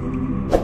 Thank you.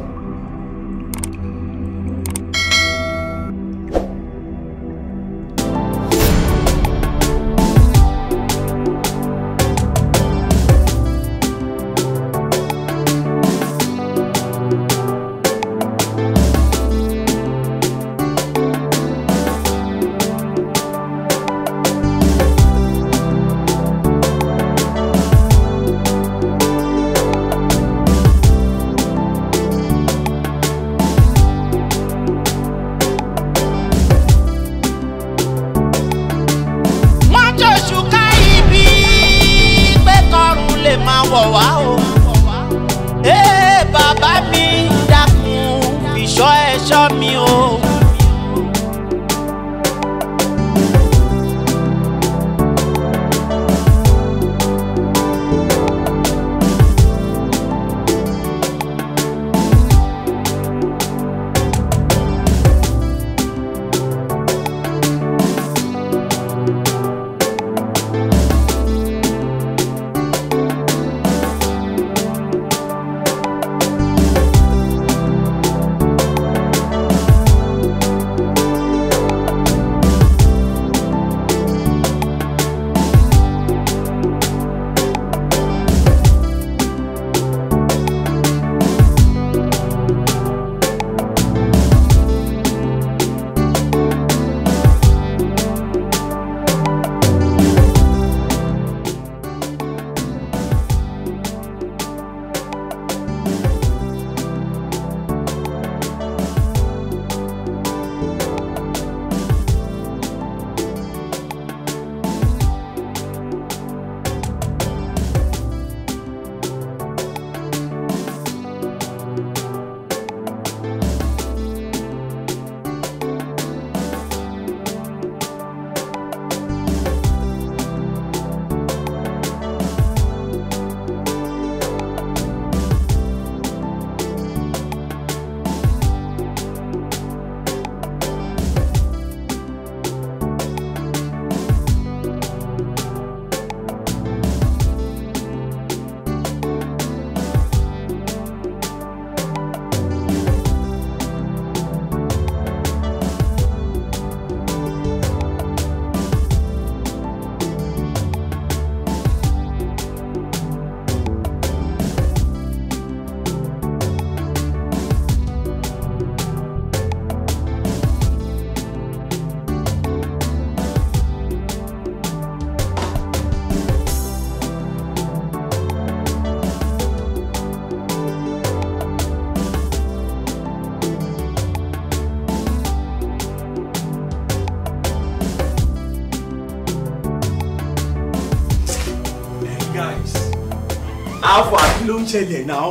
ń ṣẹlẹ̀ náà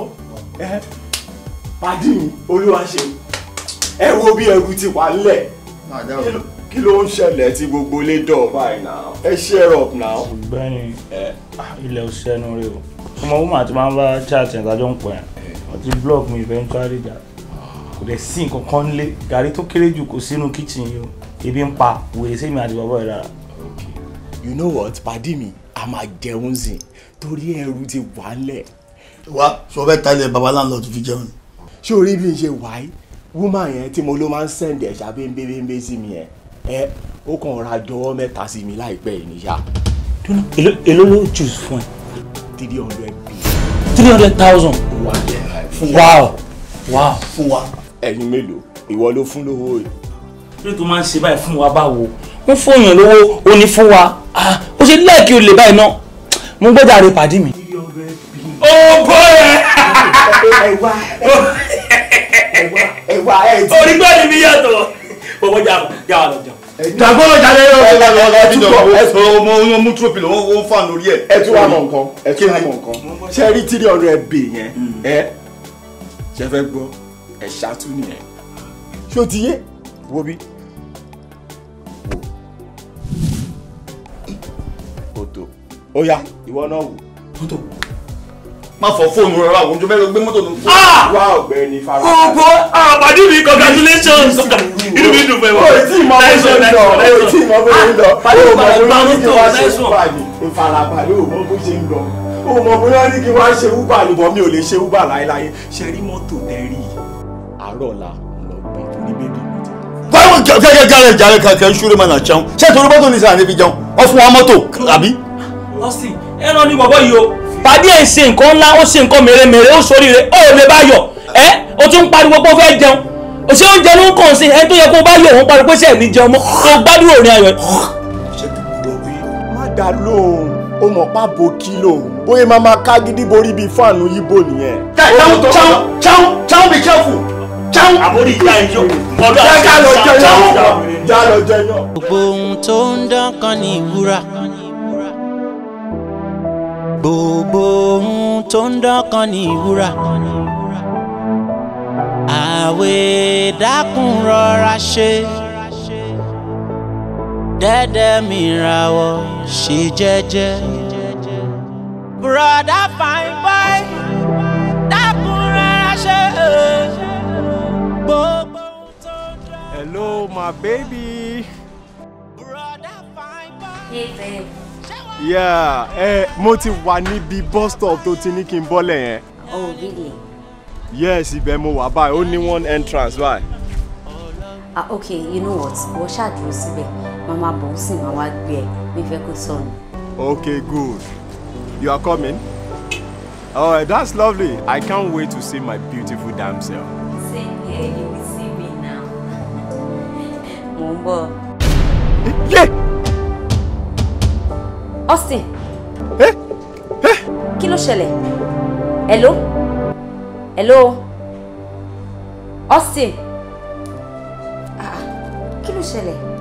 ẹ pàdé olúwa ṣe ẹ wo bí ẹrù ti wà nílẹ̀ kí ló ń ṣẹlẹ̀ tí gbogbo ilé dọ̀ọ̀bá ẹ̀ náà ẹ share up náà. ọ̀gbẹ́ni ah, ilẹ̀ òṣèlú rẹ o ọmọ wúmọ̀ àti máa ń bá chaatì ìdájọ́ ń pọ̀ yẹn wọ́n ti block mi eventually dà kò dẹ̀ sí nǹkan kan nílé gàrí tó kéré jù kò sínú kitchen yìí o ebi ń pa wèrè sẹ́mi àti bàbá ẹ̀ rárá. you know what pàdé mi a máa jẹun sìn torí ẹrù ti wà á lẹ̀ wa sọ fẹ́ talẹ̀ babaláńlọ tó fi jẹun. ṣé orí bí n ṣe wáyé woman yẹn tí mo ló máa ń sẹ́ndì ẹ̀ṣà bẹ́ẹ̀bẹ́ẹ́bẹ́ sí mi yẹn ẹ ó kàn ra jọwọ́ mẹ́ta sí mi láìpẹ́ yìí níyà. èló ló jù fún ẹ. three hundred bi. three hundred thousand. wà á jẹ fún wa. wà á fún wa. ẹyin mélòó ìwọ ló fún lówó yìí. lórí tó máa ń ṣe báyìí fún wa báwo wọ́n fún èèyàn lówó ó ní fún wa ah, ó ṣe lẹ́ẹ̀kì olè báyìí náà mo gbọ́dọ̀ àrè pàdé mi ògbó yẹn. ẹwà ẹwà ẹtì. orígbẹ́ni mi yàtọ̀ bọ́bọ́ jà jà wà lọ́jọ́. Jàgbọ́n ọjà lé ọ̀rọ̀ ẹ̀rọ ẹ̀rọ ẹ̀túkọ̀ ẹ̀túkọ̀ ọmọ oyún mú túròpì ló ń fà lórí ẹ̀. Ẹ tún wà mọ̀ nǹkan ẹ tún wà mọ̀ nǹkan ṣé rí tírí ọ̀rọ̀ mm. ẹ bè yẹn ẹ ṣe fẹ́ gbọ́ ẹ̀ ṣáàtú nìyẹn. Ṣé o ti yé? Wo bí? Wo. Òtò. Ó yá ìwọ náà wò. Òtò má fọ fóònù rẹ wá òjò mẹ́rin gbé mọ́tò tó fún un. wá ọ̀gbẹ́ni fara. gbogbo àpàdé mi congratulations inú mi dùn fún ẹ wá. o tí mọ bó ṣe ń lọ o tí mọ bó ṣe ń lọ o mọ bóyá ní kí wá ṣe wúbà ní ìfarabalẹ̀ o mọ bó ṣe ń lọ o mọ bóyá ní kí wá ṣe wúbà lùbọ̀ mi ò lè ṣe wúbà láéláé ṣe rí mọ́tò tẹ́rì àárọ̀ la lọ gbé torí bébí mi ti. báwo kẹ́kẹ́ kẹ́kẹ́ jàre kẹ́kẹ́ ṣúrẹ́ mọ́ náà jẹun ṣé torí mọ́tò pàdé ẹ̀ ṣe nǹkan ńlá ó ṣe nǹkan mèremère ó ṣoríire ó lè bá yọ̀ ẹ́ o tún pariwo pé o fẹ́ jẹun òṣè oúnjẹ ló ń kàn sí ẹ tó yẹ kó bá yọ̀ wọ́n pariwo pé ṣe ẹ̀ jẹun mọ́ kó gbádùn òrìn ayọ̀ dá lóhùn ó mọ̀ pa bo kilo bóyá máa máa ká gidi borí bíi fáànù yíbo nìyẹn. cháun cháun cháun cháun be careful cháun. àbórí ìyá ẹjọ ọdọ àti ìyá ẹjọ cháun. já lọ jẹ yọ. gbogbo ohun tó ń dán kan ní ìwúrà gbogbo ohun tó ń dọ́kan ní ìwúrà àwẹ̀ dákun rọra ṣe dẹ́dẹ́ mi rawọ́ ṣe jẹ́jẹ́ bùrọ̀dá fine boy dákun rọra ṣe gbogbo ohun tó ń dọ́kan. hello my baby. Hey, babe yeah eh, mo ti wà níbi bus stop tó ti ní kí n bọ́lẹ̀ yẹn. oh really. yes ibẹ̀ mo wà báyìí ó one entrance báyìí. ah okay you know what wọ́n ṣàdúró síbẹ̀ màmá bọ̀ ń sìn máa wá gbé ẹ mi fẹ́ kó sọnù. okay good you are coming. Oh, that's lovely. I can't wait to see my beautiful damsel. Same here, you will see me now. Mumbo. Yeah! Austin. Eh? Eh? Kí ló ṣẹlẹ̀? Hello? Hello? Austin? Ah, ah. kí ló ṣẹlẹ̀?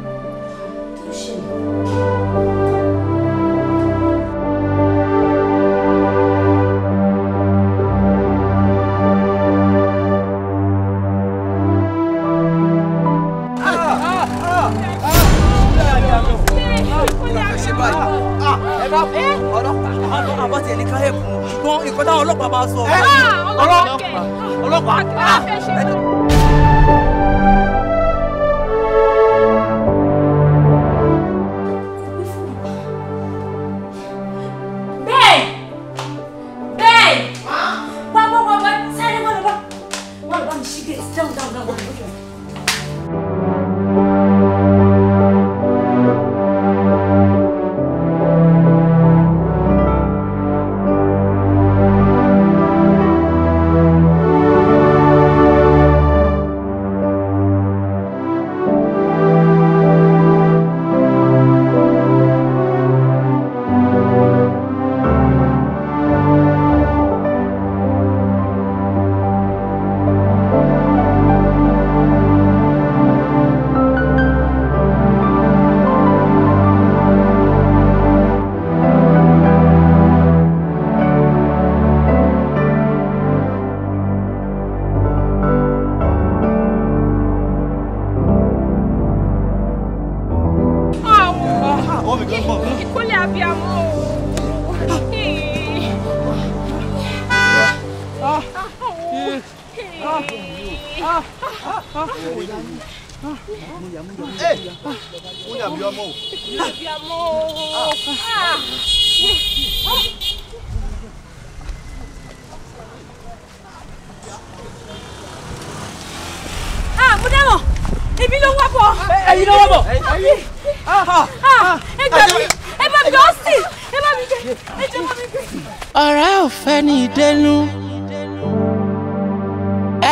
ọ̀rẹ́ ọ̀fẹ́ ni ìdẹnu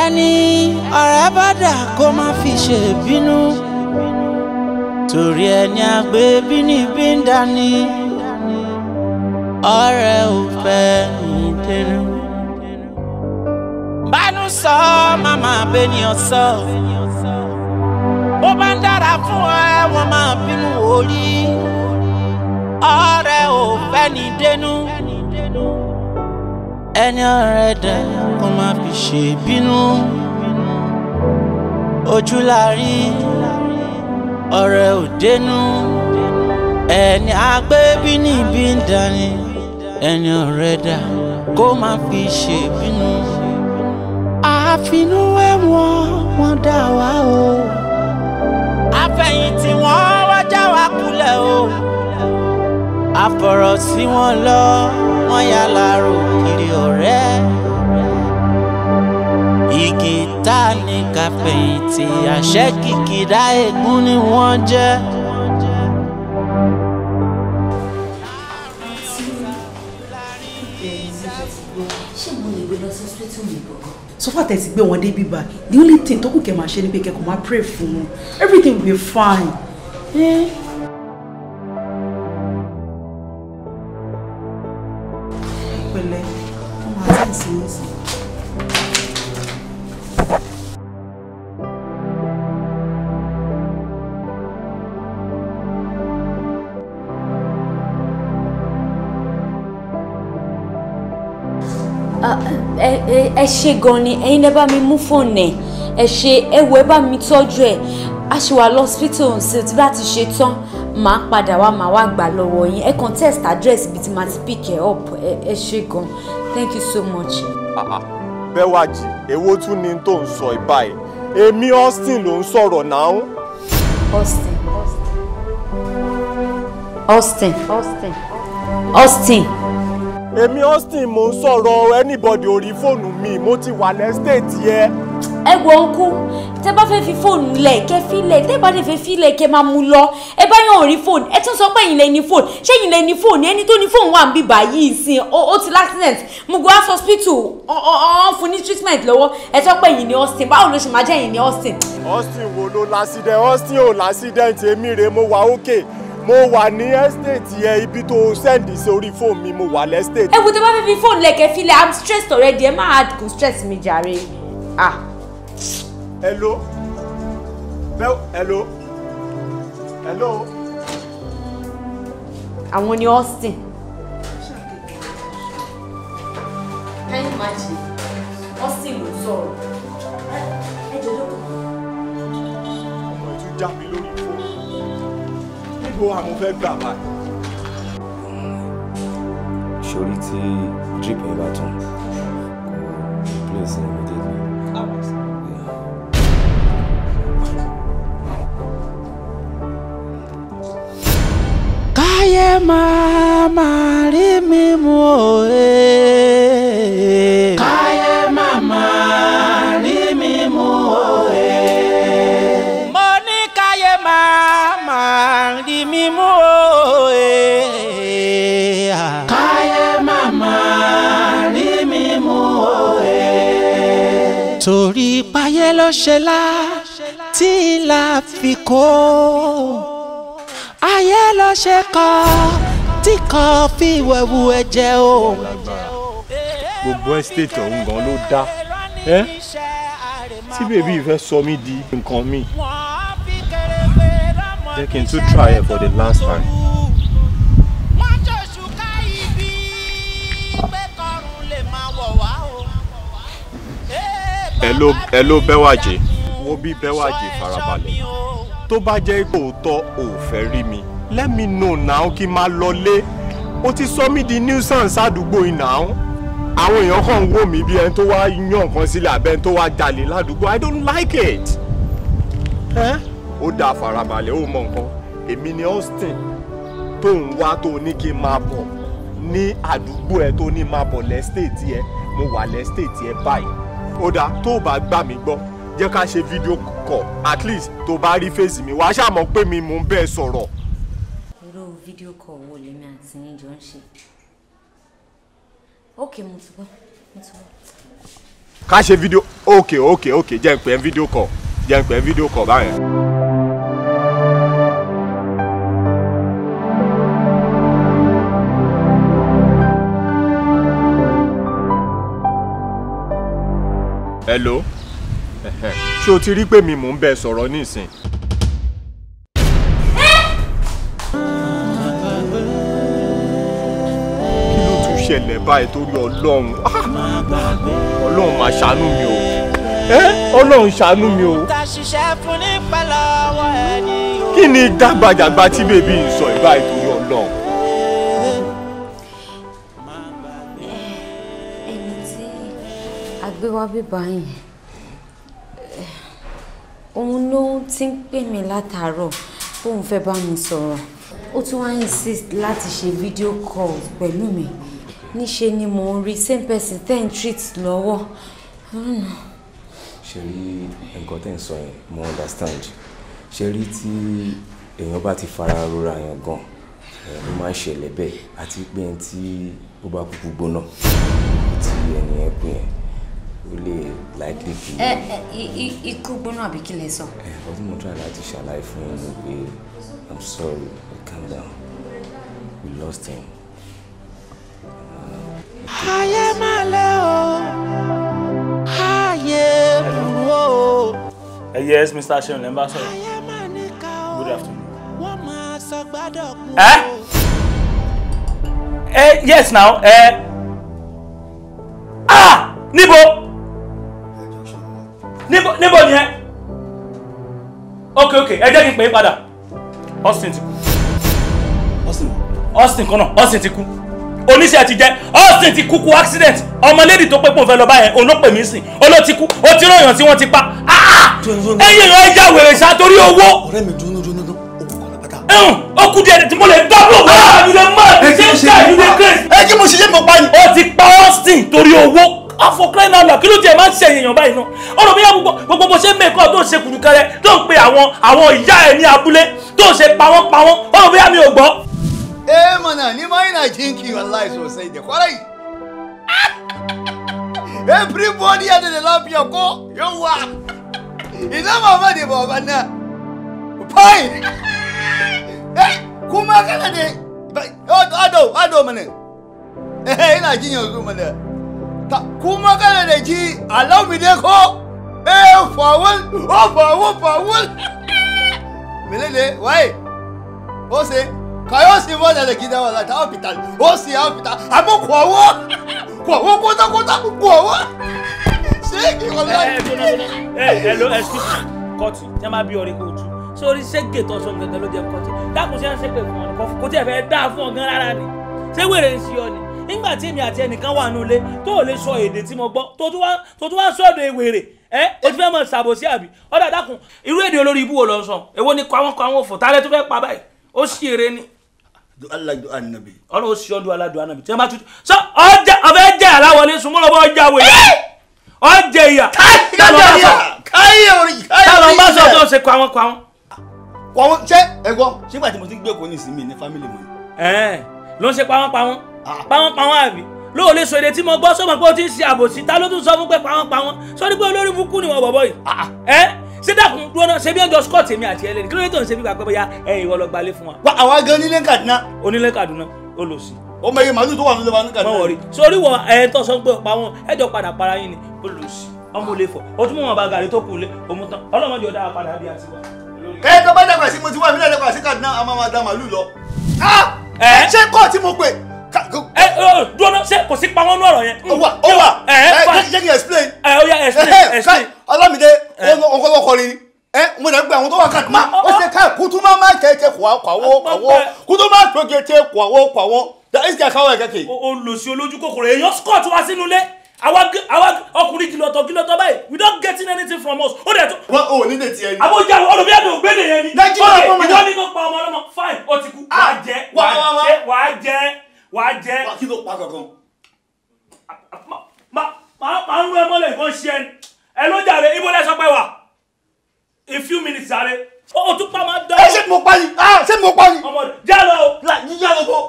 ẹni ọ̀rẹ́ bá dà kó má fi ṣe bínú torí ẹni àgbẹ̀ bínibí ń dání ọ̀rẹ́ ọ̀fẹ́ ni ìdẹnu. bánú sọ màmá bẹni ọsọ bó bá ń dára fún ẹ wọn máa bínú orí ọ̀rẹ́ ọ̀fẹ́ ni ìdẹnu ẹni ọ̀rẹ́ dẹ̀ kó má fi ṣe bínú ojú la rí ọ̀rẹ́ ò dénú ẹni agbébí níbi ń dání ẹni ọ̀rẹ́ dà eh, kó má fi ṣe bínú. àfinú ẹ̀wọ̀n wọn dá wa o àfẹ̀yìntì wọn wá já wa kulẹ̀ o àfọ̀rọ̀ sí wọn lọ wọ́n yà láàrò kiri ọ̀rẹ́ igi tá a ní káfẹ̀yìntì àṣẹ kìkìdá ègún ni wọ́n jẹ́. so far tẹ̀sí gbé wọn dé bíbá the only thing tó kù kẹ́ máa ṣe ni pé kẹ́ kò máa pray fún wọn everything will be fine. Eh? ẹ ṣe gan ni ẹ̀yin lẹ bá mi mú fóònù ẹ ṣe ẹwọ ẹ bá mi tọ́jú ẹ̀ a ṣe wà lọ́sítò ṣe tí bá ti ṣe tán màá padà wá màá wá gbà lọ́wọ́ yín ẹ kàn text address ibi tí màá ti pick ẹ up ẹ ṣe gan thank you so much. Ah, ah. bẹ́wàjì èwo tún ni tó ń sọ ìbáyìí èmi Austin ló ń sọ̀rọ̀ náà. Austin Austin Austin Austin. Austin èmi Austin mo ń sọ̀rọ̀ anybody orí fóònù mi mo ti wà lẹ́stéètì yẹ. ẹ wo okú tẹ bá fẹ́ fi fóònù lẹ̀ kẹ fi lẹ̀ tẹ bá dẹ̀ fẹ́ fi lẹ̀ kẹ máa mú lọ ẹ bá yàn rí fóònù ẹ tún sọ pé ẹ̀yin lẹ ní fóònù ṣé ẹ̀yin lẹ ní fóònù ẹni tó ní fóònù wà ń bíbà yìí sin ó ti l'accident mugu hospital ọ̀hún fún ní treatment lọ́wọ́ ẹ sọ pé ẹ̀yin ní Austin báwo ló ṣe máa jẹ́ ẹ̀yin ní Austin. Austin wo ló l'accident Austin ò l'accident èmi rè mo wà ókè. Okay mo wà ní estate yẹn ibi tó send sí orí fóònù mi mo wà lẹ́state. ẹ wo tí wọ́n fi fi fóònù lẹ̀kẹ́ filẹ̀ i'm stressed already ẹ máa kò stress mi jàre. ah. hello hello hello. àwọn ni Austin. can you imagine Austin ló sọ̀rọ̀. gbogbo àwọn fẹ́ gbà wá. sori tí drip yẹn bá tán place immediately. káyé máa máa rí mímú òye. lọ́ṣẹ̀lá tí ìlà fi kó ayé lọ́ṣẹ̀ kọ́ tí kan fi wẹ̀wù ẹ̀jẹ̀ o. gbogbo estate ọ̀hún gan ló dá tí bèbí ìfẹ́ sọ mí di nǹkan mi jẹ́ kí n tún try ẹ̀ for the last time. ẹ ló bẹ́wàjẹ́ wo bí bẹ́wàjẹ́ farabalẹ̀ tó bá jẹ́ ipò òótọ́ ò fẹ́ rí mi let me know now kí n máa lọlé ó ti sọ mí di nuisance àdúgbò yìí now àwọn èèyàn kàn ń wò mí bí ẹni tó wá yan nǹkan sílẹ̀ àbẹ́ ẹni tó wá jalè ládùúgbò i don't like it. ó dáa farabalẹ̀ ó mọ nǹkan èmi ni Austin tó ń wá tó ní kí n máa bọ̀ ní àdúgbò ẹ tó ní máa bọ̀ lẹ́stéètì ẹ mo wà lẹ́stéètì ẹ báyìí ó dáa tó o bá gbà mí gbọ́ jẹ́ ká ṣe fídíò kọ̀ at least tó bá rí fèsì mi wàá ṣàmọ̀ pé mi mò ń bẹ́ẹ̀ sọ̀rọ̀. irú fídíò kọ̀ wo lèmi àti yín jọ ń ṣe ókè mo ti gbọ́ mo ti gbọ́. ká ṣe fídíò ókè ókè ókè jẹ́ ń pè fídíò kọ̀ jẹ́ ń pè fídíò kọ̀ báyẹn. hello ṣé o ti rí pé mi mò ń bẹ sọ̀rọ̀ nísìn. kí ló tún ṣẹlẹ̀ báyìí torí ọlọ́run ọlọ́run máa ṣàánú mi o ọlọ́run ṣàánú mi o. kí ni dábàjàgbà tí bèbí ń sọ ìbáyìí torí ọlọ́run. wá bíbá yẹn òun ló ti ń pè mí látàárọ̀ bóun fẹ́ bá mi sọ̀rọ̀ ó tún wá insist láti ṣe video call pẹ̀lú mi níṣe ni mò ń rí same person ten treat lọ́wọ́ ṣe rí nǹkan tẹ́ ń sọ yẹn mo understand ṣe rí tí èèyàn bá ti fara rora yẹn gan èèyàn ló máa ń ṣẹlẹ̀ bẹ́ẹ̀ àti pé ẹni tí ó bá kúkú gbóná tí ẹni yẹn kú yẹn ó lè likely kí. ẹ ẹ ikú gbóná àbí kí lè sọ. ẹ ọdún mo try láti ṣàlàyé fún yín ni pé i'm sorry calm down we lost him. ayé máa lẹ o ayé burú o. ẹ yẹ ẹ mr seun lẹ́nbà sọ̀rọ̀ good afternoon. wọ́n máa sọ gbádọ̀ kú o. ẹ yes now ẹ. Eh. ah Nibo níbo níbo ni ẹ ok ok ẹ jẹ́ kí n pè é padà Austin ti kú Austin Austin kan náà Austin ti kú oníṣẹ́ ti jẹ́ Austin ti kú kú accident ọmọlédì tó pé pò ń fẹ́ lọ báyẹn òun ló pè mí sìn ó ló ti kú ó ti ròyìn tí wọ́n ti pa ẹ̀yìn ìran ẹja wèrè ṣá torí owó. ọ̀rẹ́ mi dúró dúró dúró ó kú díẹ̀ tí mo lè dọ́bù wá. Ah! Ah! ẹ̀jẹ̀ mo ṣe yé mi pa ni. ó ti pa Austin torí owó afọ crying out loud kí ló tiẹ̀ máa ń ṣe èèyàn báyìí náà ọ̀rọ̀ bí yàgò gbogbo bó ṣe ń mẹ́kọ́ tó ń ṣe kùrùkẹrẹ tó ń pe àwọn àwọn ìyá ẹ̀ ní abúlé tó ń ṣe pawọ́n pawọ́n ọ̀rọ̀ bí yàmi ò gbọ́. ẹ mọ̀nà ní mọ́yìnà jíǹkì wallahi sosai da kwarai everybody had the lafiya ko yawa idan mama da baban nan fine kuma kana da ado ado mana ina jin yanzu kuma kana da ji alamu ne ko eh fawul oh fawul fawul menene wai o se kayo si mo da gida wala ta hospital o si hospital amo kwawo kwawo kota kota kwawo ṣé kí wala eh hello excuse me court te ma bi ore ko tu sórí ségè tó sọ nǹkan kan ló jẹ kọtí dákun ṣe ń ṣépè fún ọ kò tí ẹ fẹ́ dáa gan rárá ni ṣé wèrè ń ṣí ni nígbà tí èmi àti ẹnìkan wà nínú ilé tó lè sọ èdè tí mo gbọ́ tó tún wá sọ èdè wèrè ẹ o ti fẹ́ mọ̀ ṣàbòsí àbí ọ̀dà dákun irú èdè olórí ibú wo lọ sọ èwo ni kọ àwọn kọ tálẹ́ tó fẹ́ pa báyìí ó sì eré ni. aladu anabi. ọlọ́run ó sì ọdún aladu anabi tí wọ́n bá tún sọ ọjà ọ̀fẹ́ jẹ́ aláwọlé sùnmọ́ ọ ọjẹ ìyà tálọ́ bá sọ tó ṣe kọ àwọn ń ṣe pa wọn pa wọn pàwọ́pàwọ́ àbí lóò lè sọ èdè tí mo gbọ́ sọ́mọ́ pé o ti ń ṣe àbòsí ta ló tún sọ fún pé pàwọ́pàwọ́ sọ ni pé olórí burúkú ni wọn bọ̀bọ̀ yìí ah, ah. ẹ ṣé dàkún dúró náà ṣe bí ọjọ́ scott èmi àti ẹlẹ́ni kí ló dé tó ń ṣe bí gbàgbọ́ bóyá ẹ̀yìn ìwọ lọ gbalé fún wa. wa àwa gan onílé Kaduna. onílé Kaduna olùsí. ó mọ iye màálù tó wà nílé wa ní Kaduna. mọ wọrí sórí wọ ẹ tó sọ pé pa wọn ẹjọ padà para yín ni olùsí ọmọ olè fọ o tún mọ wọn bá gàrí tó kù lé òmu tán ọlọmọdé ọdá padà bí a ti wà. kẹ́ẹ́ tó bá dàgbà sí mo ti wà mí lẹ́dẹ̀kọ̀ sí Kaduna a máa ma da màálù lọ. Ah! ṣé kọ́ọ̀ tí mo pè ẹ ẹ dúró náà ṣé kò sí pamọ́ nú ọ̀rọ̀ yẹn. ó wà ó wà ẹ jẹ́ kí n explain. ẹ ó yá explain explain. Ọlámídé ọkọ̀ ọkọ̀ ni ẹ mo dẹ gbé àwọn tó wà kàdùn ma ó ṣe ká kutuma máa tẹ tẹ kọ àwọ kọwọ kutuma tóge tẹ kọ àwọ kọwọ da ẹsẹ káwọ ẹkẹkẹ. o lò sí olójú kòkòrò èèyàn scott wá sínú ilé àwa ọkùnrin kìlọ̀tọ̀ kìlọ̀tọ̀ báyìí we don't get anything from us ó dẹ̀ tó. wọn ò ní lè tiẹ̀ ni. àbójú àwọn olùbí ẹ̀dùn ògbédè yẹn ni. nàìjíríà fún mi. ìwọ ni kò pa ọmọ ọlọ́mọ fine ó ti kú. Ah, wàá jẹ wàá jẹ wàá jẹ wàá jẹ́. wà kí ló pa gangan. màá ń rún ẹ mọ́lẹ̀ ìbọn ṣe ẹni ẹ ló jàre ibo lẹ́sọ̀ pẹ́ wà a few minutes jàre o tún pa máa dán. ẹ ṣé mo pa ni ah, ṣé mo pa ni. ọmọdé jẹ́ lọ o. yíyá lọ bọ́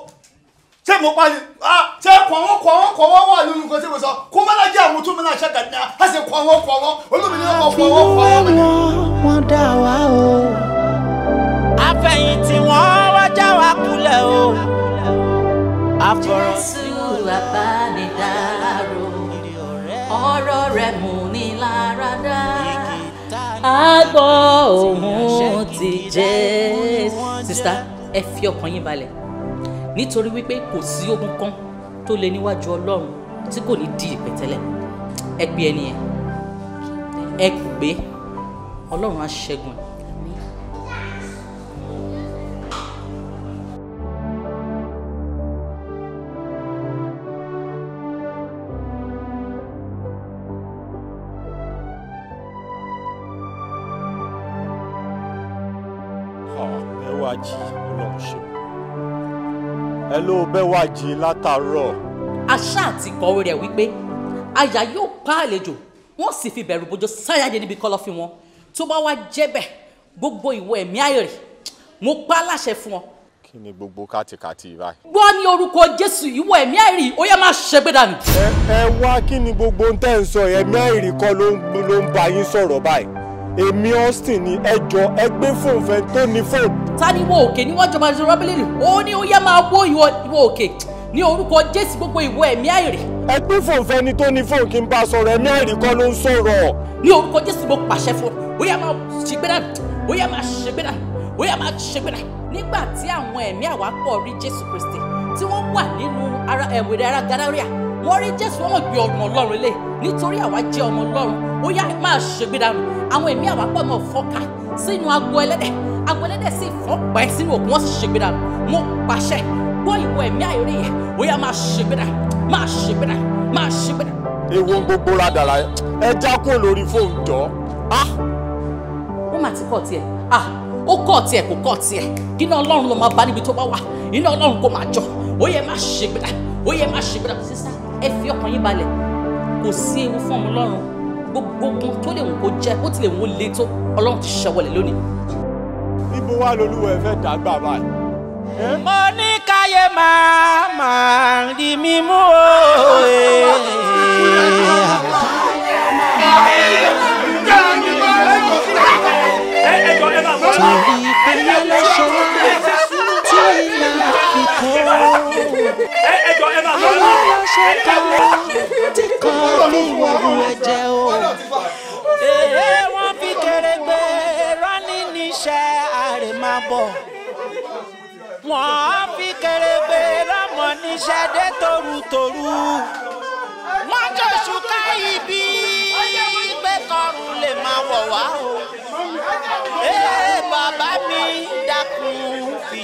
ṣé mo pa ni ah, ṣé kọ̀wọ́ kọ̀wọ́ kọ̀wọ́ wà nínú nǹkan tí mo sọ kó má lájẹ́ àwọn tó mi náà ṣàkà ní ṣe kọ̀wọ́ kọ̀wọ́ olómìnira kọ̀ kọ̀wọ́ kọ̀wọ́ mi. àfẹ̀yìntì wọn wá já wa kulẹ̀ o àfọ̀rọ̀. Jésù àbánidárò ọ̀rọ̀ rẹ̀ mú ni lára dá. A gbọ́ ohùn ti Jésù. Sista ẹ fi ọkàn yín balẹ̀ nítorí wípé kò sí ogun kan tó lè níwájú Ọlọ́run tí kò ní di ìpẹ̀tẹ́lẹ̀ ẹ pè ẹni yẹn ẹ gbé Ọlọ́run á ṣẹ́gun ẹ̀. ló bẹ́ wájì látàárọ̀. àṣà àti kọ̀wé rẹ̀ wípé àyà yóò pa àlejò wọ́n sì fi bẹ̀rù bójú sáyáde níbi kọ́lọ́fín wọn tó bá wá jẹ́bẹ̀ gbogbo ìwọ ẹ̀mí àìrè mo pa á láṣẹ fún ọ. kí ni gbogbo kàtìkàtì báyìí. gbọ́ ní orúkọ jésù ìwọ ẹ̀mí àìrè ó yẹ máa ṣègbè dànù. ẹ ẹ wá kí ni gbogbo ń tẹ́ ń sọ ẹ̀mí àìrè kọ́ ló ń bá yín sọ̀rọ̀ báyìí èmi Austin ni ẹjọ ẹgbẹ́ fóònù fẹ́ tó ní fóònù. ta ni ìwọ òkè ni wọ́n jọ máa ṣe rọ́bìlìlì ó ní ó yá máa wó ìwọ ìwọ òkè ní orúkọ Jésù gbogbo ìwọ ẹ̀mí àìrè. ẹgbẹ́ fóònù fẹ́ ni tó ní fóònù kí n bá sọ̀rọ̀ ẹ̀mí àìrè kọ́ ló ń sọ̀rọ̀. ní orúkọ Jésù mo pàṣẹ fún ọ ó yá máa ṣègbéra ó yá máa ṣègbéra ó yá máa ṣègbéra. nígbà tí àwọn ẹ̀mí àwápọ̀ rí Jésù Kristi tí wọ́n wà nínú ara ẹ̀wẹ̀rẹ̀ ara Gadaria wọ́n rí jésù wọ́n gbé ọmọ ọlọ́run lé nítorí àwa jẹ́ ọmọ ọlọ́run ó yá máa ṣègbè dànù àwọn ẹ̀mí àwápọ̀ náà fọ́ka sínú agbo ẹlẹ́dẹ̀ agbo ẹlẹ́dẹ̀ sì fọ́ pẹ́ sínú òkun wọ́n sì ṣègbè dànù mo pàṣẹ gbọ́ ìwọ ẹ̀mí àìrí yẹn ó yá máa ṣègbè dànù máa ṣègbè dànù máa ṣègbè dànù. ewo ń gbogbo ládàra ẹ jákùn lórí fóònù jọ. ó mà ti kọ́ tiẹ̀ ó kọ́ tiẹ̀ kò kọ́ tiẹ̀ kí iná ọlọ́run ló máa bá níbi tó bá wà iná ọlọ́run kò máa jọ ó yẹ má ṣègbè ó yẹ má ṣègbè sísá ẹ fi ọkàn yín balẹ̀ kò sí ewu fún ọmọ ọlọ́run gbogbo ogun tó lè wù kó jẹ́ ó ti lè wù ó le tó ọlọ́run ti ṣàwọlẹ̀ lónìí. níbo wá lolúwẹ̀ fẹ́ dàgbà báyìí. mo ní káyé máa máa rí mi o. torí ẹjọ ẹ máa lọ ẹ máa lọ ṣe kàn tí kan ní ìwọ̀n rẹ̀ jẹ́ o. èyí wọ́n fi fi kèrègbè rámọ̀ níṣẹ́ dé torutoru wọ́n jọ ṣùkà ibi pé kọrùn lè máa wọ̀ wá o. ee bàbá mi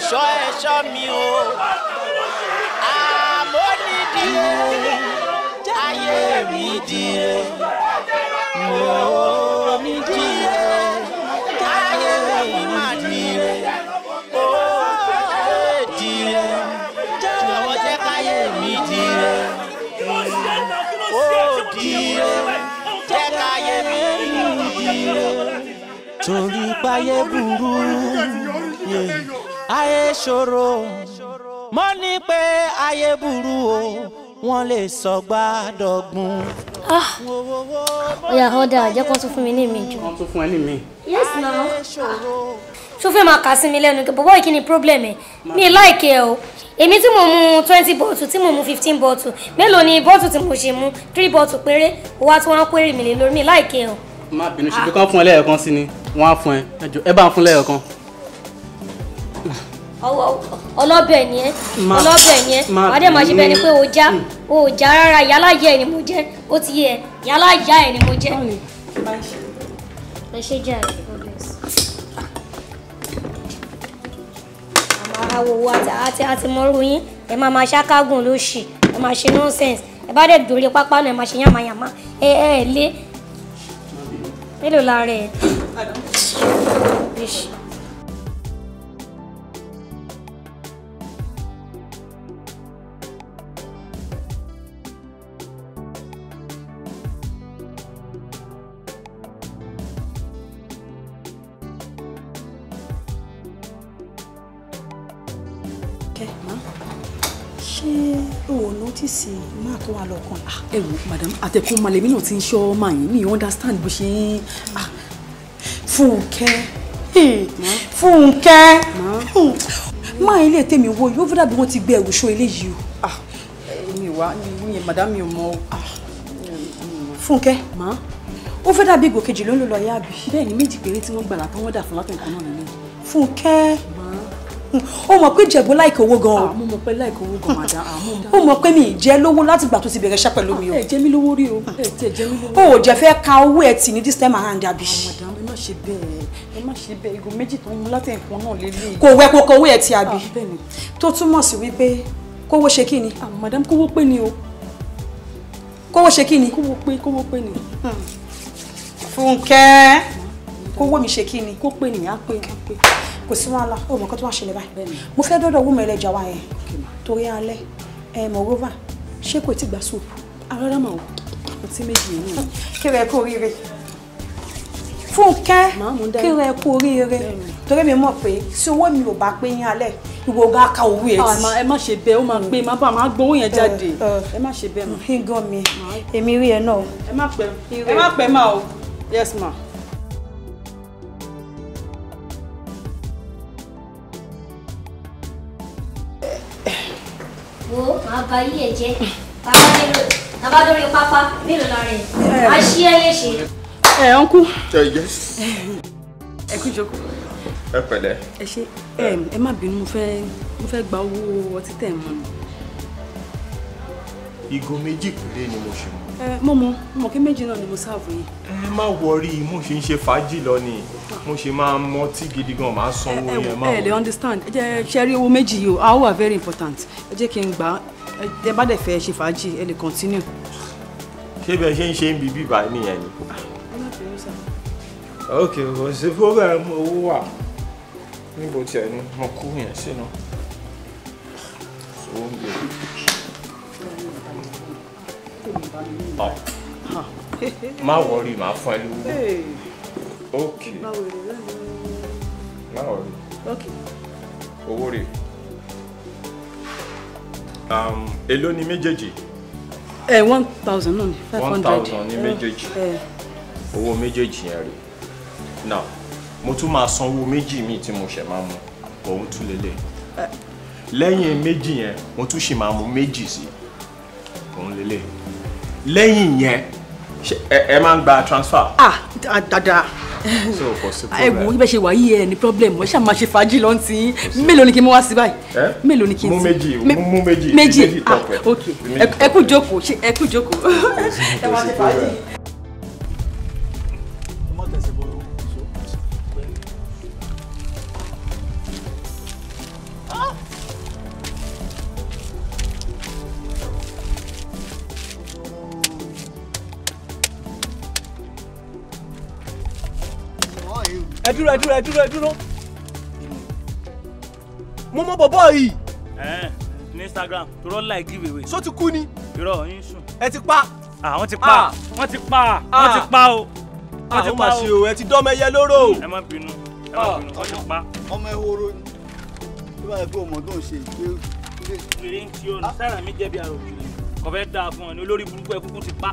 ẹ̀ṣọ́ ẹ̀ṣọ́ mi o àmónídìí ayé mi dìé mo mi dìé ayé mi má dìé ó dìé jọ̀wọ́ jẹ́ káyé mi dìé ó dìé jẹ́ káyé mi dìé torí páyé burú ayé ṣòro mo ní pé ayé burú o wọ́n lè sọ gbádọ́gbọ́n. Ah, ọ̀yà ọ̀dà jẹ́ kó tún fún mi ní mi jù. wọ́n tún fún ẹ ní mi. yes na ṣó fẹ́ máa kà sí mi lẹ́nu bọ́bọ́ yìí kí ni problem ẹ̀ mi láìkẹ́ ẹ o èmi tí mo mu twenty bottle tí mo mu fifteen bottle mélòó ni bottle tí mo ṣe mu three bottle péré wá tí wọ́n á péré mi lè lórí mi láìkẹ́ ẹ o. má bínú ṣe bí kán fún ẹ lẹ́yọ̀kan sí ni wọ́n á fún ẹ ẹ bá ń fún lẹ́yọ̀kan ọlọ́bẹ̀ ni ẹ́ ọlọ́bẹ̀ ni ẹ́ wàdé màá ṣe bẹ́ẹ̀ ni pé o já hmm. o já rárá yálà ẹ̀ ni mo jẹ́ ó ti yẹ yálà ẹ̀ ni mo jẹ́. ẹ ṣe jẹ́ àrẹ àwòwò àti àti mọ́rú yín ẹ máa ma ṣàkágùn lóṣì ẹ máa ṣe nonsense ẹ bá dẹ̀ dòrí pápá náà ẹ máa ṣe yàmàyàmà ẹ ẹ lé mélòó la rẹ̀ ẹ. tí sí máa tó wà lọ́kàn. Ah, ẹ wo madam àtẹ̀kùn malẹ̀mí náà ti ń ṣọ́ máa yín mi understand bó ṣe ń ah, fúnkẹ́ fúnkẹ́ hmm. máa ilé tèmi wo yóò fúdà bí wọ́n ti gbé ẹrù ṣó eléyìí o. èmi ah, wá yẹn madam mi ò mọ o. fúnkẹ́ ó fẹ́ dàbí ìgò kejì ló ń lò lọ́ọ́ yá àbí. bẹ́ẹ̀ ni méjì péré tí wọ́n gbà látọ́ wọ́n dà fún látọ̀ nǹkan náà nílé. fúnkẹ́ ó mọ̀ pé jẹ̀bú láìkè owó gan-an. Ah, àmọ́ mọ̀ pé láìkè owó gan-an madam àmọ́. Ah, ó mọ̀ pé mi jẹ́ lówó láti gbà tó ti bẹ̀rẹ̀ iṣẹ́ pẹ̀lú o. Ah, ẹ jẹ́ mi lówó rí o ẹ ti ẹ jẹ́ mi lówó. o ò jẹ́ fẹ́ ka owó ẹ tì ní this time around àbí. madam ẹ má ṣe bẹ́ẹ̀ ẹ má ṣe bẹ́ẹ̀ igun méjì tó ń mu láti ẹ̀kan náà lélẹ̀. kò wẹ kó kọ owó ẹ ti àbí. tó túmọ̀ sí wípé kówó ṣe kí ni. madam kówó pé ni o. kówó ṣe kí ni. kówó pé kówó pé ni. Hmm. Fúnkẹ́ kówó mi ṣe kí ni. kó pé ni á pé kò sí wàhálà ó mọ̀ kó tó wá ṣẹlẹ̀ báyìí mo fẹ́ dọ́dọ̀ wúmọ̀ ẹlẹ́jà wa yẹn torí alẹ́ ẹ mọ̀rọ́và ṣé kò tí gbà sóòpù arọ́dá màá kò tí méjì yẹn náà. kíra ẹ kú oríire fúnkẹ́ kíra ẹ kú oríire torí mi mọ̀ pé tí owó mi ò bá pé yín alẹ́ ìwọ ga ka owó ẹ ti. Ah, ẹ má ṣe bẹ́ẹ̀ ó máa gbé má bàa máa gbowó yẹn eh, jáde eh. ẹ má ṣe bẹ́ẹ̀ mọ́. ẹ má pẹ́ ẹ má pẹ́ máa o yes ma. Am. wo màá ba yí ẹ̀ jẹ́ bàbá lórí pápá mélòó lára ẹ̀ máa ṣí ẹ léṣe. ẹ ọ̀nkú. ẹ jẹ́. ẹ kú ìjókòó. ẹ pẹ̀lẹ́. ẹ ṣe ẹ má bínú mo fẹ́ mo fẹ́ gba owó ọtí tẹ̀ mọ́ ni. ìgò méjì péré ni mo ṣe mọ́ mo mọ mo kí méjì náà ni mo sáàbù yìí. ẹ má wọrí mo ṣe ń ṣe fàájì lọ ni mo ṣe máa mọtí gidi gan máa sanwó yẹn máa wọ. ẹ lè understand ẹ jẹ ṣe rí owó méjì yìí o àwọn wà very important ẹ jẹ kí n gbà ẹ bá dẹ̀ fẹ́ ṣe fàájì ẹ lè continue. ṣé bẹ́ẹ̀ ṣe ń ṣe ń bí bíbá nìyẹn ni. Ah, ok kò sí program owó wà níbo tiẹ̀ ni mo kú yẹn sínú. Oh, ọ má wọrí màá fún ẹ lówó ok má wọrí worry. rè um, èló ni méjèèjì. ẹ eh, one thousand náà ni five hundred one thousand ni eh, méjèèjì eh. owó méjèèjì yẹn rè now motu ma máa sanwó méjì míì tí mo ṣẹ̀ máa mu òun lele. lélẹ̀ lẹ́yìn méjì yẹn mo tún ṣì máa mu méjì sí òun lẹ́yìn yẹn ẹ máa ń gba transfer. ah dada so kò sí problem. ẹ wo ibẹ̀ ṣe wáyé ẹ ní problem wọ́n ṣáà máa ṣe fàájì lọ́n tí mélòó ni kí n mú wá sí báyìí. mélòó ni kí n mú méjì mú méjì méjì ah ok ẹ kú jókòó ẹ kú jókòó ẹ máa ṣe fàájì. dúró ẹ dúró ẹ dúró ẹ dúró mo mọ bọ̀bọ̀ yìí. ẹ ní Instagram tó rọ́ láì giveaway. só ti kú ni. irọ́ yín sùn. ẹ ti pa. àwọn ti pa wọ́n ti pa wọ́n ti pa o. wọ́n ti pa o. àwọn máa ṣe o ẹ ti dọ́mọ ẹyẹ lóró o. ẹ má bínú ẹ má bínú wọ́n ti pa. ọmọ ehoro ni bí wàá gbé ọmọ tó ń ṣe ìgbé. ìrìn tí o sára mi jẹ́ bí àròkìrì kò fẹ́ dáa fún ọ ní olórí burúkú ẹ kúkú ti pa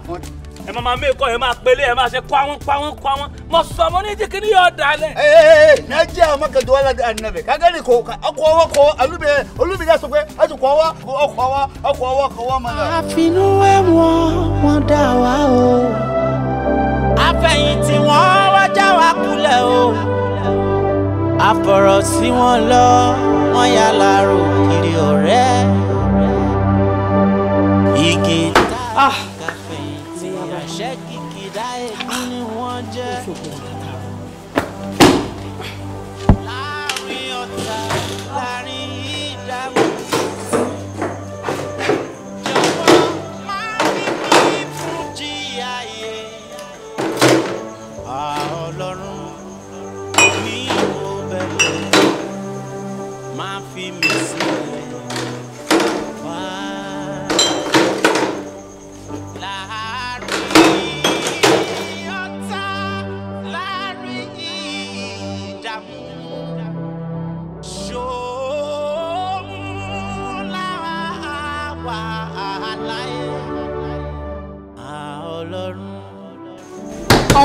ẹ máa máa mẹ́kọ̀ ẹ máa pélé ẹ máa ṣe kó àwọn kó àwọn kó àwọn mọ sọ mo ní jìkì yóò dalẹ̀. ẹ ẹ ẹ na jẹ́ ọmọ kẹ̀tọ́ wala anabe kagẹ́ni kò ọkọ̀ ọwọ́ kọ olúbi olúbi náà sọ pé a ti kọ ọwọ́ ọkọ̀ ọwọ́ ọkọ̀ ọwọ́ kọ wọ́n máa. àfinú ẹ̀wọ̀n wọn dá wa o àfẹ̀yìntì wọn wá já wa kulẹ̀ o àfọ̀rọ̀ sí wọn lọ wọn yà láàrò kiri ọ̀rẹ́ igi tá. Ah!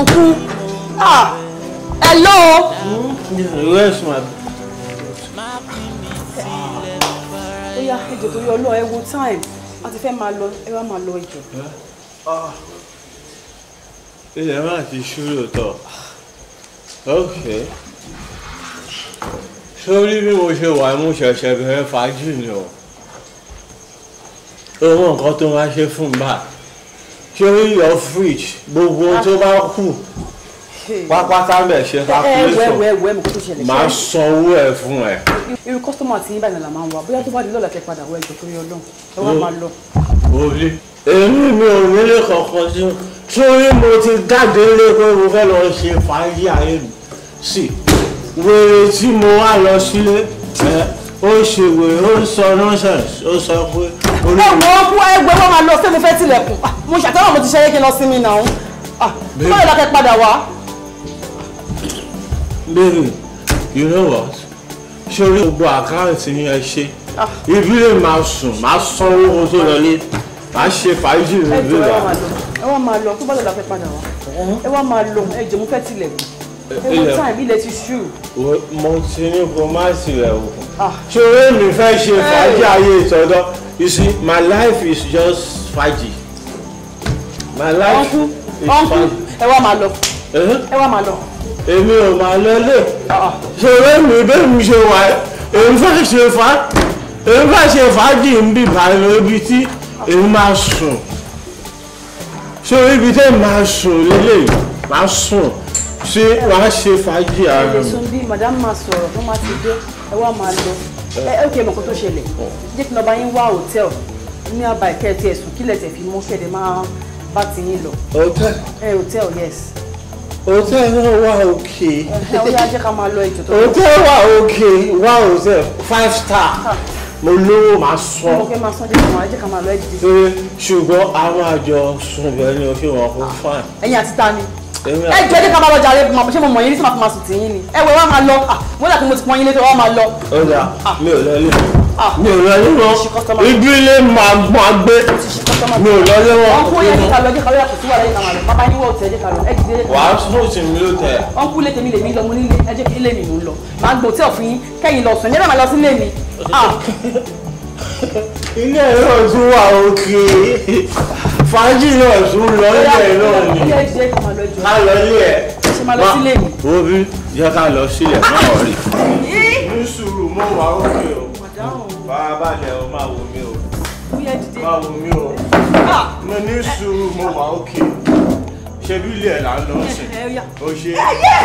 ọ̀nkú ah, hello. yes ma. tó yọ lọ ẹ time a ti fẹ́ máa lọ ẹ máa lọ ẹjọ. ilẹ̀ ah. máa ti ṣúrò tọ̀ okay sórí bí mo ṣe wà mú ṣẹ̀ṣẹ̀ bẹ̀rẹ̀ fàájì ni o. owó nǹkan tó máa ṣe fún báyìí carry your fridge gbogbo tó bá kù pápátá bẹ̀ ṣe eh, eh, calculation máa sanwó ẹ̀ fún ẹ̀. irú kọ́sítọ́mà tí yín báyìí là máa ń wá bóyá tó bá di lọ́la tẹ padà wọ ẹjọ́ torí ọlọ́run ẹ wá máa lọ. òye èmi mi ò nílé kankan sí torí mo ti jáde lé pé mo fẹ́ lọ ṣe fàájì ayé mi sí wèrè tí mo wá lọ sílé ẹ. Eh, ó ṣe ó ń sọ nonsense ó sọ pé. ọmọ ọkú ẹgbẹ́ wọn máa lọ sí ah, mo tilẹ̀kùn mo ṣàtẹ́wọ̀n mo ti ṣẹ́yẹ́ kí n lọ sí mi náà ah, báyọ̀ lákẹ́ padà wá. baby you know what sórí gbogbo àkáǹtì ni ẹ ṣe ah. ibi lè máa sùn máa sanwó ohun tó lọlé máa ṣe fàájì rẹ bí wà. ẹ wá máa lọ tó bá lọ la fẹ́ padà wá ẹ wá máa lọ ẹ jẹ́ mo tilẹ̀kùn ẹwọ táì mi lè ti ṣú. mo ti ní kó má sílẹ̀ o. Ah. ṣòro mi fẹ́ ṣe fàájì ayé ìtọ́dọ́ you see my life is just fàájì my life is fàájì. ẹ wá máa lọ uh-huh. ẹ wá máa lọ. èmi ò máa lọ lé ah, ah. ṣòro mi bẹ́ẹ̀ mi ṣe wà èmi fẹ́ ṣe fàájì èmi fẹ́ ṣe fàájì ń bí bàrẹ̀ ibi tí èmi máa sùn ṣòro ibi tẹ́ máa sùn lélẹ̀ máa sùn ṣé wàá ṣe fàájì ààrùn. ẹ lè sun madam máa sọ̀rọ̀ wọ́n máa ti dé ẹ wá máa lọ ẹ ó kẹ́ mọ̀kọ́ tó ṣẹlẹ̀ jẹ́ kí lọ́ba yín wá hòtẹ́ẹ̀lì ní àbá ìkẹ́ ti ẹ̀sùn kílẹ̀ tẹ̀ fi mú kẹ́dẹ̀ máa bá ti yín lọ. hòtẹ́ẹ̀lì. ẹ hòtẹ́ẹ̀lì yes. hòtẹ́ẹ̀lì náà wà òkè. ẹ ó yá jẹ́ ká máa five star mo lówó máa sọ. mo kẹ́ máa sọ jẹ́ àwọn ajẹ́ká máa lọ ẹ̀jẹ̀. ṣùgbọ́n àwọn àjọ sùn ni o kí wọ́n kó fáìn. ẹ̀yin àti ta ni ẹ jẹ́ kí ká máa lọ jàre ṣé mo mọ̀ yín ní sí màá fi máa sùn tì yín ni ẹ wẹ̀ wá máa lọ ah, mo dà pé mo ti pọ́n yín létò wá máa lọ. ọ̀rẹ́ ah. mi ò lọ ilé ah. mi ò lọ ilé wọn ibi ilé máa gbọ́n agbé mi ò lọ ilé wọn. ọ̀nkú yẹn kíkà lọ jẹ́ ká lọ́yà kò sí wàhálà yìí kàmá lọ bàbá yín wọ̀ ọ̀tẹ̀ jẹ́ ká lọ ẹ jìde. wàá sùn sí mi ló tẹ. ọ̀nkú ilé tèmi lèmi lọ mo ní ẹ ilé mi mò ń lọ màá gbọ́ ilé náà tún wà òkè fàájì náà tún lọ ilé náà ni ká lọ ilé ẹ wá obi jẹ ká lọ sílẹ̀ náà rí. ní sùúrù mo wà òkè o farabalẹ̀ o máa wò mí o máa wò mí o ah! mo ní eh. sùúrù mo wà òkè ṣebí ilé ẹ̀ là ń lọ eh, sí eh, o ṣe. ẹyẹ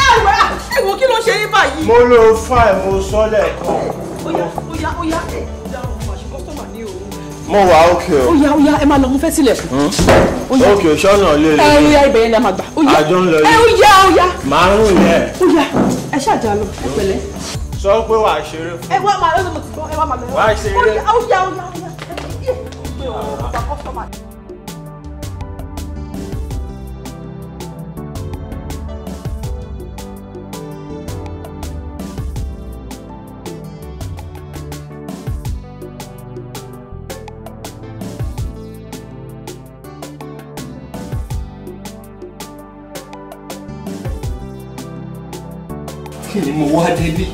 ẹwà ìwọ kí ló ṣe yín báyìí. mo lo fáì mo sọ lẹ́ẹ̀kan. ó yá ó yá ó yá mo wà ókè o. óyá óyá ẹ máa lọ mo fẹ́ sílẹ̀kùn. ókè sọ́nà lè lè. ẹ óyá ibẹ̀ yẹn ni a máa gbà. àjọ ń lọ yìí. ẹ óyá óyá. màá rún yẹn. Oya, ẹ ṣàjà lọ ẹ pẹ̀lẹ́. sọ pé wàá ṣeré fún. ẹ wá máa lọ ẹ wá máa lọ. wàá ṣeré. óyá óyá óyá. mo wá délé.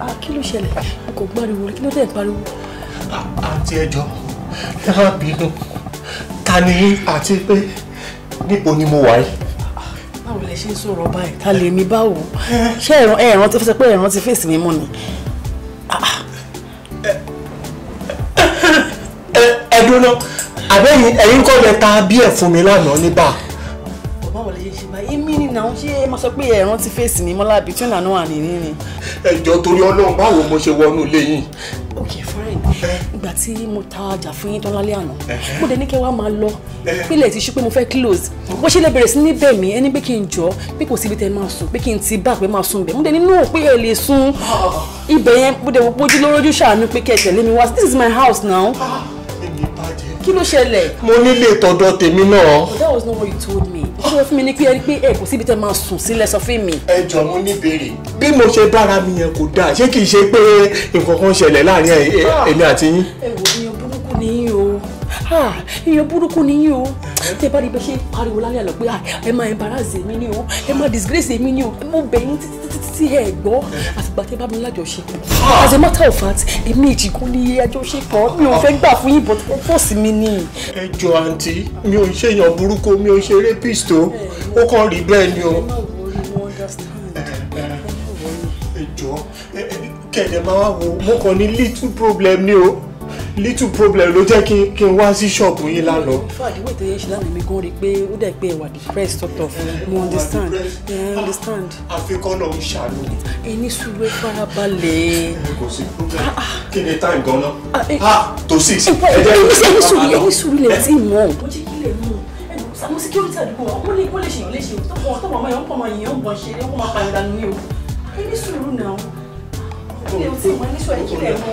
Ah, ṣẹlẹ̀ kò gbáriwo kí ló dé pariwo. àǹtí ẹjọ́ ẹ má bínú ta ni yín àti pé níbo ni mo wà yìí. báwo lẹ ṣe ń sọ̀rọ̀ báyìí ta lè mi báwo ṣé ẹ̀ràn ti fẹsẹ̀ pé ẹ̀ràn ti fèsì mi mọ́ ni. ẹ dúró àbẹ́yìn ẹ̀yin kọ́ lẹ ta bí ẹ̀ fún mi lánàá ní báà báwo lè ṣe ṣe báyìí èmi ni náà ṣé máa sọ pé ẹ̀rọ ti fèsì ní mọ́lá bíi tún ìlànà àní ní ni. ẹjọ torí Ọlọ́run báwo mo ṣe wọnú ilé yìí tí mo ta ọjà fún yín tán lálẹ́ àná mo dẹ̀ ní kẹ́ wá máa lọ pílẹ̀ ti ṣú pé mo fẹ́ close bó ṣe lè bẹ̀rẹ̀ sí ní mí ẹni pé kí n jọ pé kò síbi tẹ́ máa sùn pé kí n ti bá pé máa sùn bẹ̀ mo dẹ̀ nínú òpé ẹ̀ lè sùn ah. ibẹ̀ yẹn mo dẹ̀ wojú lórójú ṣàánú pé kẹ́ tẹ̀lé mi wá this is my house now ah, kí ló ṣẹlẹ̀. mo nílé tọ̀dọ̀ tèmi náà. that was not what you told me tó fẹ́ fún mi ni pé ẹni pé ẹ kò síbi tẹ́ máa sùn sílẹ̀ sọ fún mi. ẹ jọ mo ní béèrè bí mo ṣe bára mi yẹn kò dáa ṣé kì ṣe pé nǹkan kan ṣẹlẹ̀ láàrin ah! èmi àti yín. ẹ wò burúkú ni yín o èèyàn burúkú ni yín o ah! tẹ bá rí bẹ ṣe pariwo lálẹ́ àlọ́ pé ah, ẹ máa embarrass èmi ni o ẹ máa disgrace èmi ni o mo bẹ̀ yín títí tí ẹ gbọ́ àtìgbà tí ẹ bá mi lájọṣepọ̀ as a matter of fact èmi ìjìkún ní àjọṣepọ̀ mi ò fẹ́ gbà fún yín but fọ́ọ̀sì mi ni. ẹ jọ àǹtí mi ò ń ṣèyàn burúkú mi ò ń ṣe rapist o ó kàn rí bẹ́ẹ̀ ni o. ẹ jọ kẹ̀lẹ́ máa wá wo mo kàn ní little problem ni o little problem ló jẹ́ kí kí n wá sí ṣọ́ọ̀bù yín lánàá. fàdíwò tó yẹ ṣe lánàá mi gan rí i pé ó dẹ̀ pé ẹ̀wà depressed sort of mo understand I understand. àfikún náà ń ṣàánú. ẹni sùúrù farabalẹ̀. kò sí problem kí ni time gan-an ha ah, eh. ah, to six. ẹni sùúrù ẹni sùúrù lè tí mọ̀. mo jẹ́ kí lè mú àwọn security àdúgbò wa wọ́n lè kó lè ṣèyàn lè ṣèyàn tó kọ́ tó màmá yẹn ń pọ̀ mọ́ yẹn ń bọ̀ ṣe é kó máa pa ìdánù ní o ẹni sùúrù náà ẹni sùúrù ẹni sùúrù ẹni kí lè mú.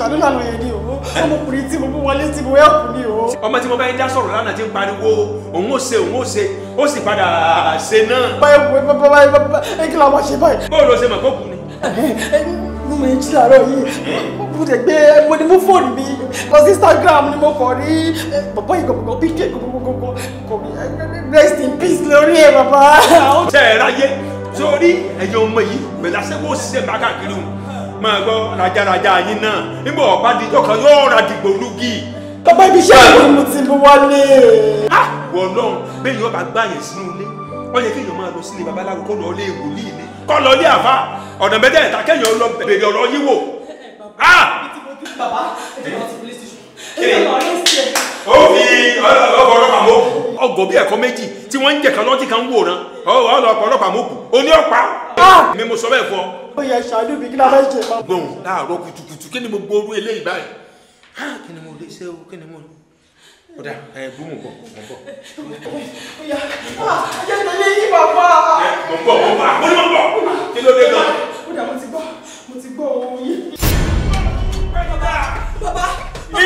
ṣàánú lánàá yẹn ni o ọmọkùnrin tí mo mú wọlé tí mo ẹ̀kú ni o. ọmọ tí mo bá yẹn dá sọ̀rọ̀ lánàá ti ń pariwo òun ò ṣe òun ò ṣe ó sì padà ṣe náà. báyọ̀ báyọ̀ báyọ̀ báyọ̀ kí la máa ṣe báyìí. bó o lọ ṣe mọ̀ kó kù ni. mo mọ̀ ẹjí yìí mo dẹ̀ gbé mo ní mú fóònù mi lọ sí Instagram ni mo kọ̀ rí bàbá yìí gbọ̀gbọ̀gbọ̀ bí ké rest in peace lórí ẹ̀ bàbá. ṣe é ráyé sórí ẹ̀yọ́ ọmọ yìí pẹ̀lú aṣẹ́wó ṣiṣẹ́ bá káàkiri òun máa gbọ́ rajaraja yín náà nígbà ọ̀pá dijọ́ kan yóò ra dìgbòlugi. tọ́pẹ́ ibi iṣẹ́ ìwé mo ti mú wọlé. wọ lọ́run bẹ́ẹ̀ ni wọ́n bá gbá yẹn sínú ilé wọ́n yẹ kéèyàn máa lọ sílé babaláwo kó lọ ilé wòlíì ni kó lọ ilé àfa ọ̀nà mẹ́tẹ̀ẹ̀ta kéèyàn lọ bèrè ọ̀rọ̀ yín wò. ó ọgọ bí ẹ̀kọ́ méjì tí wọ́n ń jẹ̀kan lọ́tì kan wòran ọgọ ọlọ́pàá mọ òkú oní ọ̀pá. Ah! mi mo sọ bẹ́ẹ̀ fọ ó yẹ ṣáájú bí kí la fẹ́ ṣe máa. gbọ̀n láàárọ̀ kùtùkùtù kí ni mo gbóòórùn eléyìí báyìí kí ni mo lè ṣe o kí ni mo lè kódà ẹ bú mọ̀ bọ̀ mọ̀ bọ̀. ọ̀yà ajá tẹ̀lé yín bàbá. mọ̀ bọ̀ mọ̀ bọ̀ mo ní mọ̀ bọ̀ kí ló dé gan. kódà mo ti gbọ́ mo ti gbọ́ ohun yìí. bàbá bàbá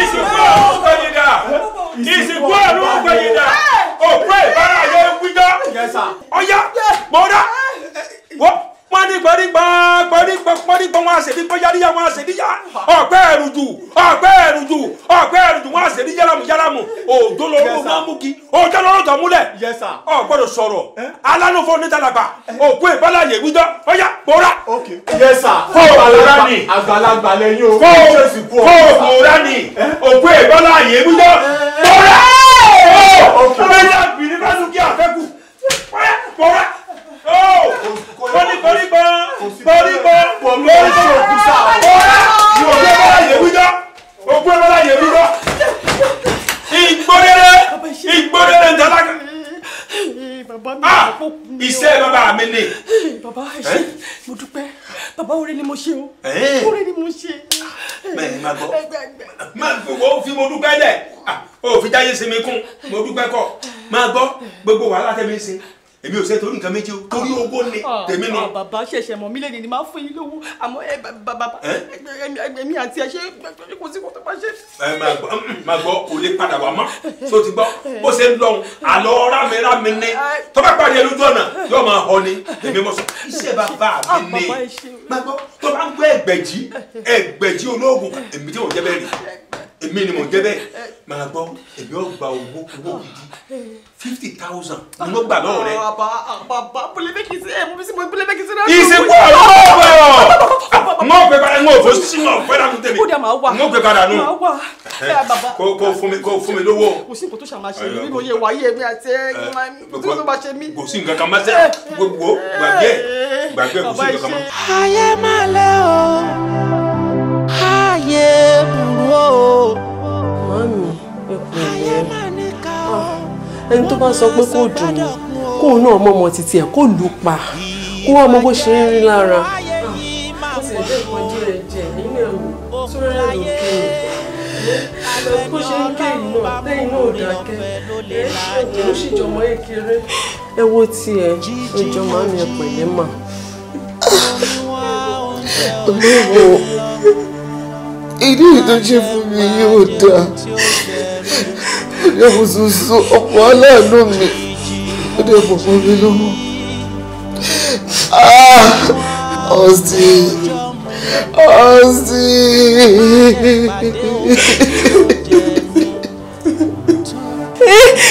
ìsìnkú ọ̀run gbẹ̀yìndà ìsìnkú ọ̀run gbẹ̀yìndà òpó ìbára yẹn wíjọ́ ọ̀yà mọ̀ọ́dá wọ́n pọ́nrí pọ́nrí pọ́n wọn àṣẹbí pọ́n wọn àṣẹbíyá ọ̀pẹ́ ẹ̀rùjù ọ̀pẹ́ ẹ̀rùjù ọ̀pẹ́ ẹ̀rùjù wọn àṣẹbí yálàmù yálàmù òjò lóró máa mú kí òjò lóró nítalàgbà òkú ìbálàyè wíjọ́ ọ̀yà bọ́ra. Yes sir. Eh? fóònù eh? ni àgbàlagbà lẹ́yìn o fóònù ni eh? òkú ìbálàyè wíjọ́ bọ́ra. ọ̀pẹ́ yà bìrì lọ́dún kí àfẹ́kù bọ́ra ó ní koríko koríko koríko òkúta ọ̀rá yóò gbé bọ́lá yẹ wíjọ́ ògbé bọ́lá yẹ wíjọ́ ìgbódéré ìgbódéré ntàlákà ah iṣẹ́ bàbá mi ni. bàbá iṣẹ́ mo dúpẹ́ bàbá oore ni mo ṣe o oore ni mo ṣe. mẹ́rin máa gbọ́ máa fowó fi mo dúpẹ́ dẹ̀ ah, ó fi jáyé sinmi kún mo dúpẹ́ kọ́ máa sin èmi ò sẹ́ torí nǹkan méjì o torí ah. owó ni ah. tèmi nù. Ah, bàbá ṣẹ̀ṣẹ̀ mọ̀ mí lẹ́yìn ni máa fún yín lówó àmọ́ ẹ bàbá èmi àti ẹ ṣe kò sí kò tó bá ṣe. ẹ mm, máa gbọ́ kò lè padà wá mọ́ tó ti gbọ́ bó ṣe ń lọ́hùn àlọ́ rámi rámi ní tó bá parí ẹlú jọ̀nà yóò máa họ ni èmi mọ̀ sọ iṣẹ́ bàbá mi ní máa gbọ́ tó bá ń gbọ́ ẹgbẹ̀jì ẹgbẹ̀jì olóògùn èmi tí mo jẹ́ bẹ́ẹ̀ èmi ni mò ń jẹ́ bẹ́ẹ̀ màá gbọ́ èmi ò gba owó owó gidi fifty thousand ni mo gbà lọ́wọ́ rẹ. ìsìnkú ọ̀rọ̀ ọ̀rọ̀ mo gbé padà mo fò sí mo fẹ́ dànù tèmi mo gbé padà nù kó fún mi kó fún mi lówó. kò sí nǹkan tó ṣàmà ṣe mí mo yẹ wáyé mi àti ẹ tó bá ṣe mí. kò sí nǹkan kan máa ṣe gbogbo gbàgbé gbàgbé kò sí nǹkan kan ayé máa lẹ́ o ayé mu mami ẹ kò lẹ ah, ẹni tó bá sọ pé kò dùn mí kóun náà mọ ọmọ títí ẹ kó lù ú pa kó wá ọmọ bó ṣe ń rí lára. Ah, ó sì ẹgbẹ́ kan jí rẹ̀ jẹ nínú ẹ̀wò tó rẹ̀ lò kéwì ṣe ń kéwì náà lẹ́yìn náà ò dákẹ́ ẹ̀ ẹ̀ ló sì jọmọ́ ẹ wo tiẹ̀ ẹ jọ màmí ẹ pẹ̀lẹ́ mà. olóòwò ìdí ìtọ́jú fún mi yóò dáa ìyá òṣùṣù ọ̀pọ̀ aláàánú mi ó dẹ̀ pọ̀ fún mi lọ́wọ́ ọ̀sì ah, ọ̀sì.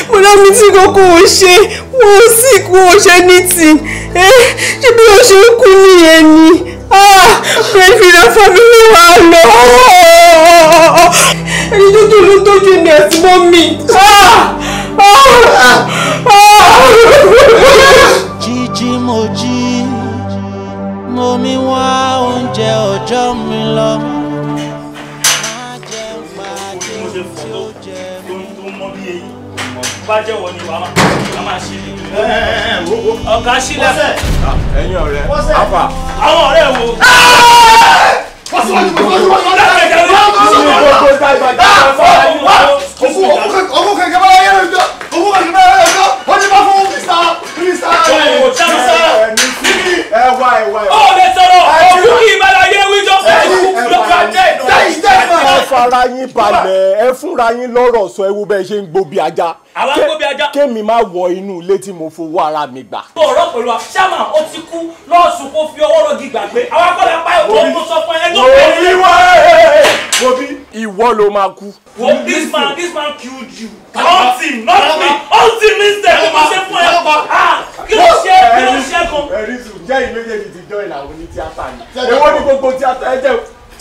mo dá tí kókó o ṣe wọn ò sì kú o ṣe ní tì eh, ṣé bí o ṣe ń kú nìyẹn ni. Eh, ah, fi rẹ fámílì wa lọ. ẹni tó tó ló tọ́jú ẹni ẹ̀sìn mọ́ ah, ah, ah, jí mo mi wá oúnjẹ ọjọ́ mi. bá jẹ́wọ́ ni wàá máa ṣe ní. ọ̀gá sílẹ̀. ẹ̀yin ọ̀rẹ́ afa. àwọn ọ̀rẹ́ wo. Ẹ wá ẹ fara yín balẹ̀ ẹ fúnra yín lọ́rọ̀ sọ ẹ wo bẹ́ẹ̀ ṣe ń gbó ajá kémi má wọ inú ilé tí mo fowó ara mi gbà. ọ̀rọ̀ pẹ̀lú wa ṣáàmà ó ti kú lọ́ọ̀sùn kó fi ọwọ́ rogi gbàgbé àwọn akọ́lẹ̀ pa ìwọ mo sọ fún ẹjọ́ pé. òbí wá òbí ìwọ ló máa kú. this man this man killed you. all team not me all team means that ṣe fún ẹ kí ló ṣe ah, kí ló ṣe kan. ẹ̀rí sùn jẹ́ ìméjèèjì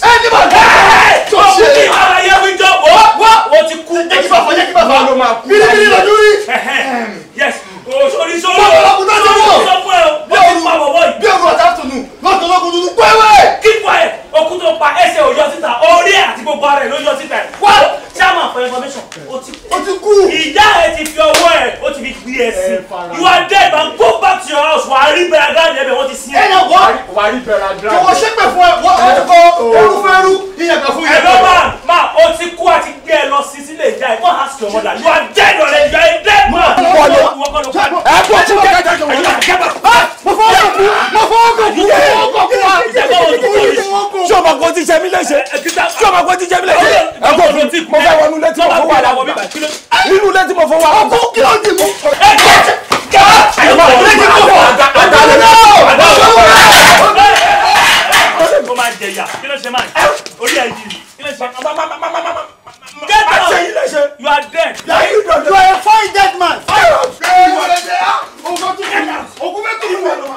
ẹni bá kí tó ṣe é. ọkùnrin ara yẹ mi jọ wọ́ wọ́ wọ́n ti kú. jẹ́ kí bá fọ jẹ́ kí bá fọ. ló máa kú bíríbírí lọ́dún rí. yes oṣooṣi oh, sọ́wọ́. bọ́ọ̀lù ọkùnrin náà ti wọ̀ bí òru bí òru ọ̀tá tunu lọ́tọ̀ lọ́kùn tuntun pẹ́wẹ́. keep quiet okun tó pa ẹsẹ̀ òyọ síta orí àti gbogbo ara ẹ̀ ló yọ síta. wọ́n chairman for information o ti kú. o ti kú. ìyá ẹ ti fi ọwọ́ ẹ o ti fi gbé ẹ sí. you are dead and go back to your house wà á rí bẹ̀rẹ̀ gíráàdì ẹ̀bẹ̀ wọ́n ti sin. ẹ náà wọ́n wà á rí bẹ̀rẹ̀ gíráàdì. jọ̀wọ́ ṣépè fún ẹ wọ́n ti kọ ẹrú fún ẹrú ìyàgà fún ìyàgà. ẹ̀rọ máa máa o ti kú àti gbé ẹ lọ sí sílé ìjà ẹ̀ wọ́n á sọ wọn dà you are dead already you are a dead man. ẹ bọ́ tí mo kẹ́kẹ́ jọ wọ́n. mo fọwọ́ kàn fún mo fọwọ́ kàn fún kọ́ fún wa ìjàgbá wo ti kọ́ yìí. ṣé o ma ko ti jẹ mi léṣe. ṣé o ma ko ti jẹ mi léṣe. ẹ kò fún mo fẹ́ wọnú létí mo fọwọ́ àdá nínú létí mo fọwọ́ àdá. ọkọ kí ló dì mú. ẹ jẹ jẹ ẹ ma wọ létí mo fọwọ́ àdá àdá lọ. àdá lọ. mo máa jẹ ìyà kí ló ṣe máa orí ẹ yìí kí ló ṣe. Get out! You are dead. Yeah, you, you are a fine dead man. Fire up! Ogun bẹ tó wù ẹ lọ ma.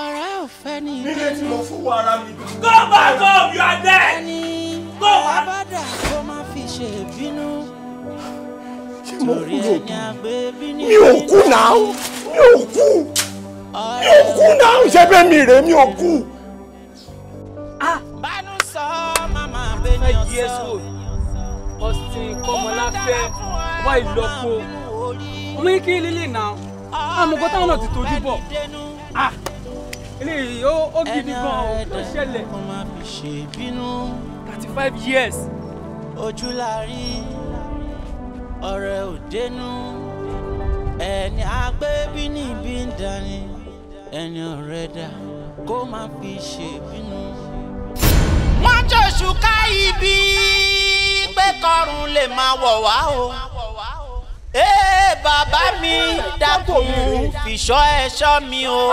ọ̀rẹ́ ò ni. nílé tí mo fún wa ara mi. go back home you are dead. ẹni alábàdà kó má fi ṣe bínú. ṣé mo kú lò mi ò kú náà mi ò kú mi ò kú náà ṣé bẹ́ẹ̀ mi rè mi ò kú. Ah! bánú sọ màmá bẹ́ẹ̀ ni ọ̀sán. Austin Kọ́mọláfẹ́ wá ìlọ́po wíńkì lílì náà àmọ́ ah, náà ti tojú bọ̀ eléyìí ó gidi gan ó ṣẹlẹ̀. thirty five years. ojú la ọ̀rẹ́ ò ẹni agbẹ́bí ní ibi ń dání ẹni ọ̀rẹ́ dà kó má fi ṣe bínú. wọ́n jòṣù ká ibi pé kọrùn lè máa wọ̀ wá o. ee bàbá mi dákun fi ẹ̀ṣọ́ mi o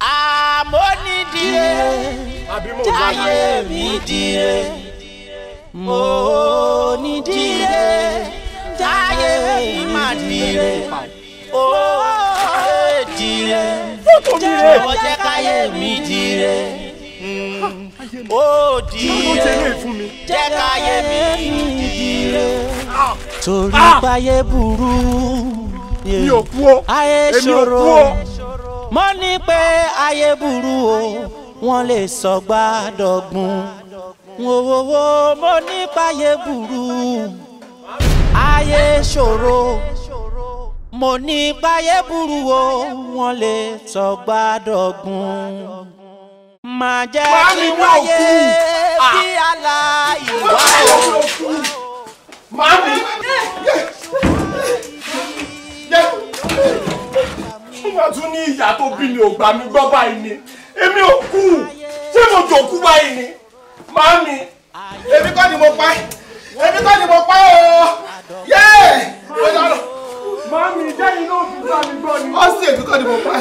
àmónídìre táyé mi dire mo nídìre táyé mi má dire ó dire jọ̀wọ́ jẹ́ káyé mi dire ó dire jẹ́ káyé mi dire torí báyé ah! burú mi ò kú mo ní pé ayé burú o wọ́n lè sọ gbàdọ̀gbun wowowo mo ní páyé burú ayé ṣòro mo ní páyé burú o wọ́n lè sọ gbàdọ̀gbun má jẹ́ kí wáyé bí ah. àlá ìwà òkú. Mami! Yeah. Yeah. Yeah. Yeah nígbà tún ní ìyá tó bí mi ò gbà mí gbọ́ báyìí ni èmi ò kú ṣé mo jòkú báyìí ni màámi èmi kọ́ ni mo pa èmi kọ́ ni mo pa ọ́ yẹ́ẹ̀ ló dáná. màámi jẹ́ iná òfin gbà mí gbọ́ ni. ọ̀sìn èmi kọ́ ni mo pa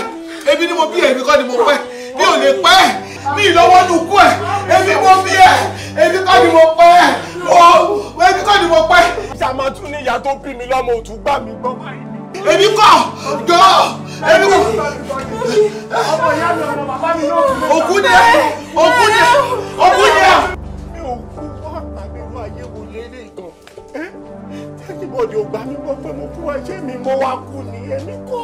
èmi ni mo bí èmi kọ́ ni mo pa mi ò lè pẹ́ mi ìlọ́wọ́ nù kú ẹ̀ èmi mo bí ẹ̀ èmi kọ́ ni mo pa ẹ̀ èmi kọ́ ni mo pa ẹ̀. ṣàmàtún ni ìyá tó bí mi lọ́mọ òtún gbà mí gbọ́ báyìí èmi kọ jọ èmi kọ. ọmọ ìyá mi ọmọ bàbá mi náà kú. òkú ni ẹ òkú ni ẹ òkú ni ẹ. mi ò kú wá àmì inú ayé wo lélẹ̀ ìtàn tẹ́kíbọ̀dì ò gbà mí gbọ́ pé mo kú ẹṣẹ́ mi mo wá kú ni èmi kọ́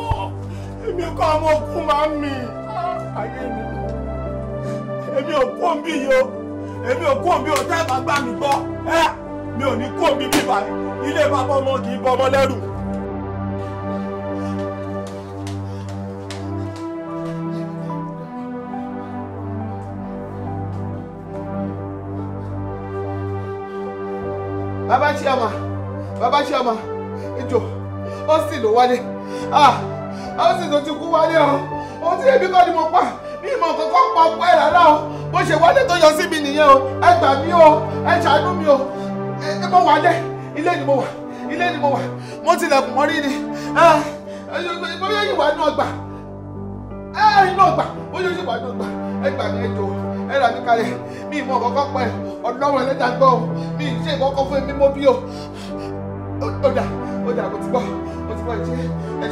èmi kọ́ ọmọ òkú máa ń mi ayé mi èmi ò kú òǹbí yìí o èmi ò kú òǹbí o tẹ́ ẹ̀ bá gbà mí gbọ́ mi ò ní kú òǹbí bíbá ilé bàbá ọmọ kì í bọ ọmọ lẹ́rù. bàbá chioma bàbá chioma ìjọ austin ló wálé ah austin tó ti kú wálé o ohun tí èmi kọ́ ni mo pa mi ìmọ̀ kankan pa ọ̀pọ̀ ẹ̀ rárá o bó ṣe wálé tó yọ sí mi nìyẹn o ẹ gbà mí o ẹ ṣàánú mi o ẹ mọ wálé ilé ni mo wà ilé ni mo wà mo tilẹ̀kùn mọ́rí ni ah, bóyá yìí wà ní ọgbà ẹ eh, inú ọgbà bóyá yìí wà ní ọgbà ẹ gbà mí ẹ jọ ẹ̀rọ mi kalẹ̀ mi ìmọ̀ kọ́kọ́ pẹ̀ ọ̀dọ́wọ̀ ẹlẹ́dà gbọ́ mi ì ṣe ìkọ́kọ́ fún mi mọ́ bí o ó dà ó dà mo ti gbọ́ mo ti gbọ́ ẹ ṣé ẹ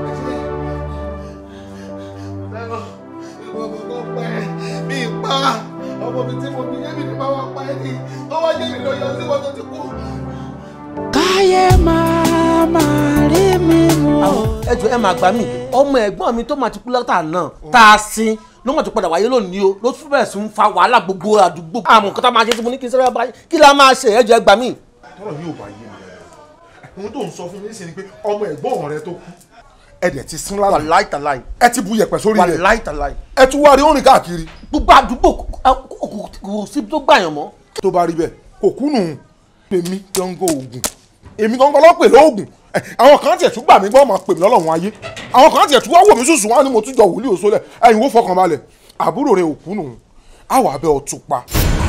ọ̀dọ́wọ̀ ìmọ̀ kọ́kọ́ pẹ̀ mi ì pa ọmọ mi tí mo bí yémi ni màá pa ẹ́ ní ọwọ́ yémi ló yọ sí wọn tó ti kú. káyé máa máa rí mi mú. ẹ jọ ẹ máa gbà mí ọmọ ẹ̀gbọ́n mi tó máa ti kú látà náà tá a sin ló mọ̀ tó padà wáyé lónìí o ló tún bẹ̀rẹ̀ sí ń fa wàhálà gbogbo àdúgbò àmọ́ kọ́tà máa ṣe tí mo ní kí n sẹ́rẹ́ bá yín kí la máa ṣe ẹ̀jọ̀ ẹgbà mí. tọ́lọ̀ yóò bá yé mi ohun tó ń sọ fún mi ní sẹ́ni pé ọmọ ẹ̀gbọ́n rẹ tó kú ẹ dẹ̀ ti sún lálẹ́ wàláì tàláì ẹ ti bu yẹ̀pẹ̀ sórí rẹ̀ wàláì tàláì ẹ tún wá rí orin káàkiri. gbogbo àdúgbò kò sí tó gbàyàn mọ́. tó bá rí bẹ́ẹ̀ kò kúnnù èmi gangan oògùn èmi gangan lọ́pẹ̀ lóògùn àwọn kan tiẹ̀ tún gbà mí gbọ́ ọmọ pè mí lọ́lọ́run ayé àwọn kan tiẹ̀ tún wá wò mí sùsù wá ni mo tún jọ wòlíì òṣó lẹ̀ ẹ̀yin wo fọkàn balẹ̀ àbúrò rẹ̀ òkú nù àwọ̀ abẹ́ ọ̀tún pa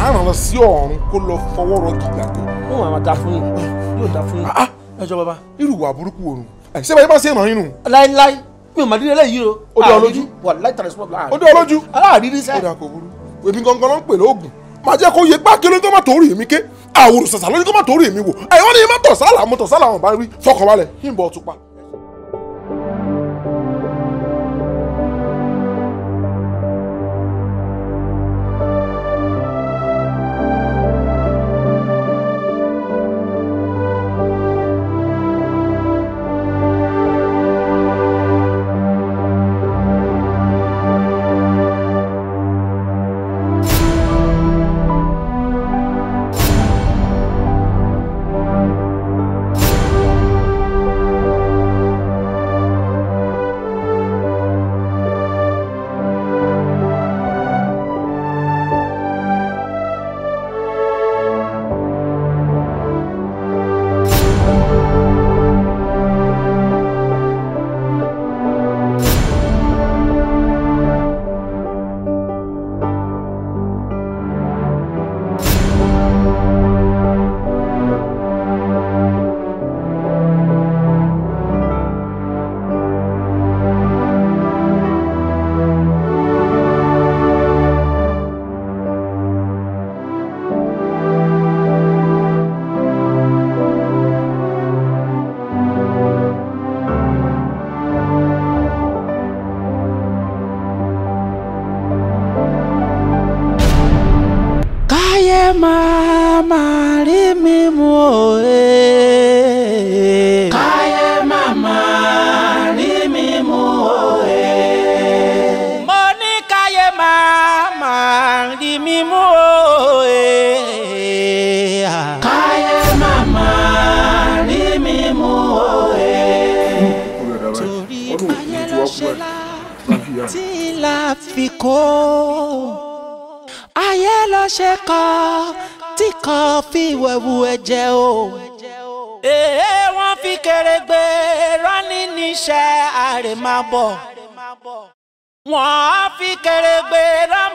àrùn lọ sí ọ̀run kó lọ fọwọ́ rọ gígàgbé. ó wà á da fún yín yóò da fún yín ah, ah. ẹjọ bàbá. irú wà burúkú òrùn ṣé báyìí bá ṣe ìmọ̀ yín nù. láíláí mi ò mà dídé lẹ́yìn o. ó dé ọ ah, lójú. wà láì tàbí sọ́ọ̀bù láàrin. ó dé ọ lójú. aláàrírí sẹ́. ó màá jẹ́ kó yẹ gbá kí ló tó má tó rí mi ké àwòrán sàṣà lójú kó má tó rí mi wò ẹ̀yọ́ ni má tọ̀ sálà mo tọ̀ sálà wọn bá rí fọkànbalẹ̀ yìnbọn tún pa.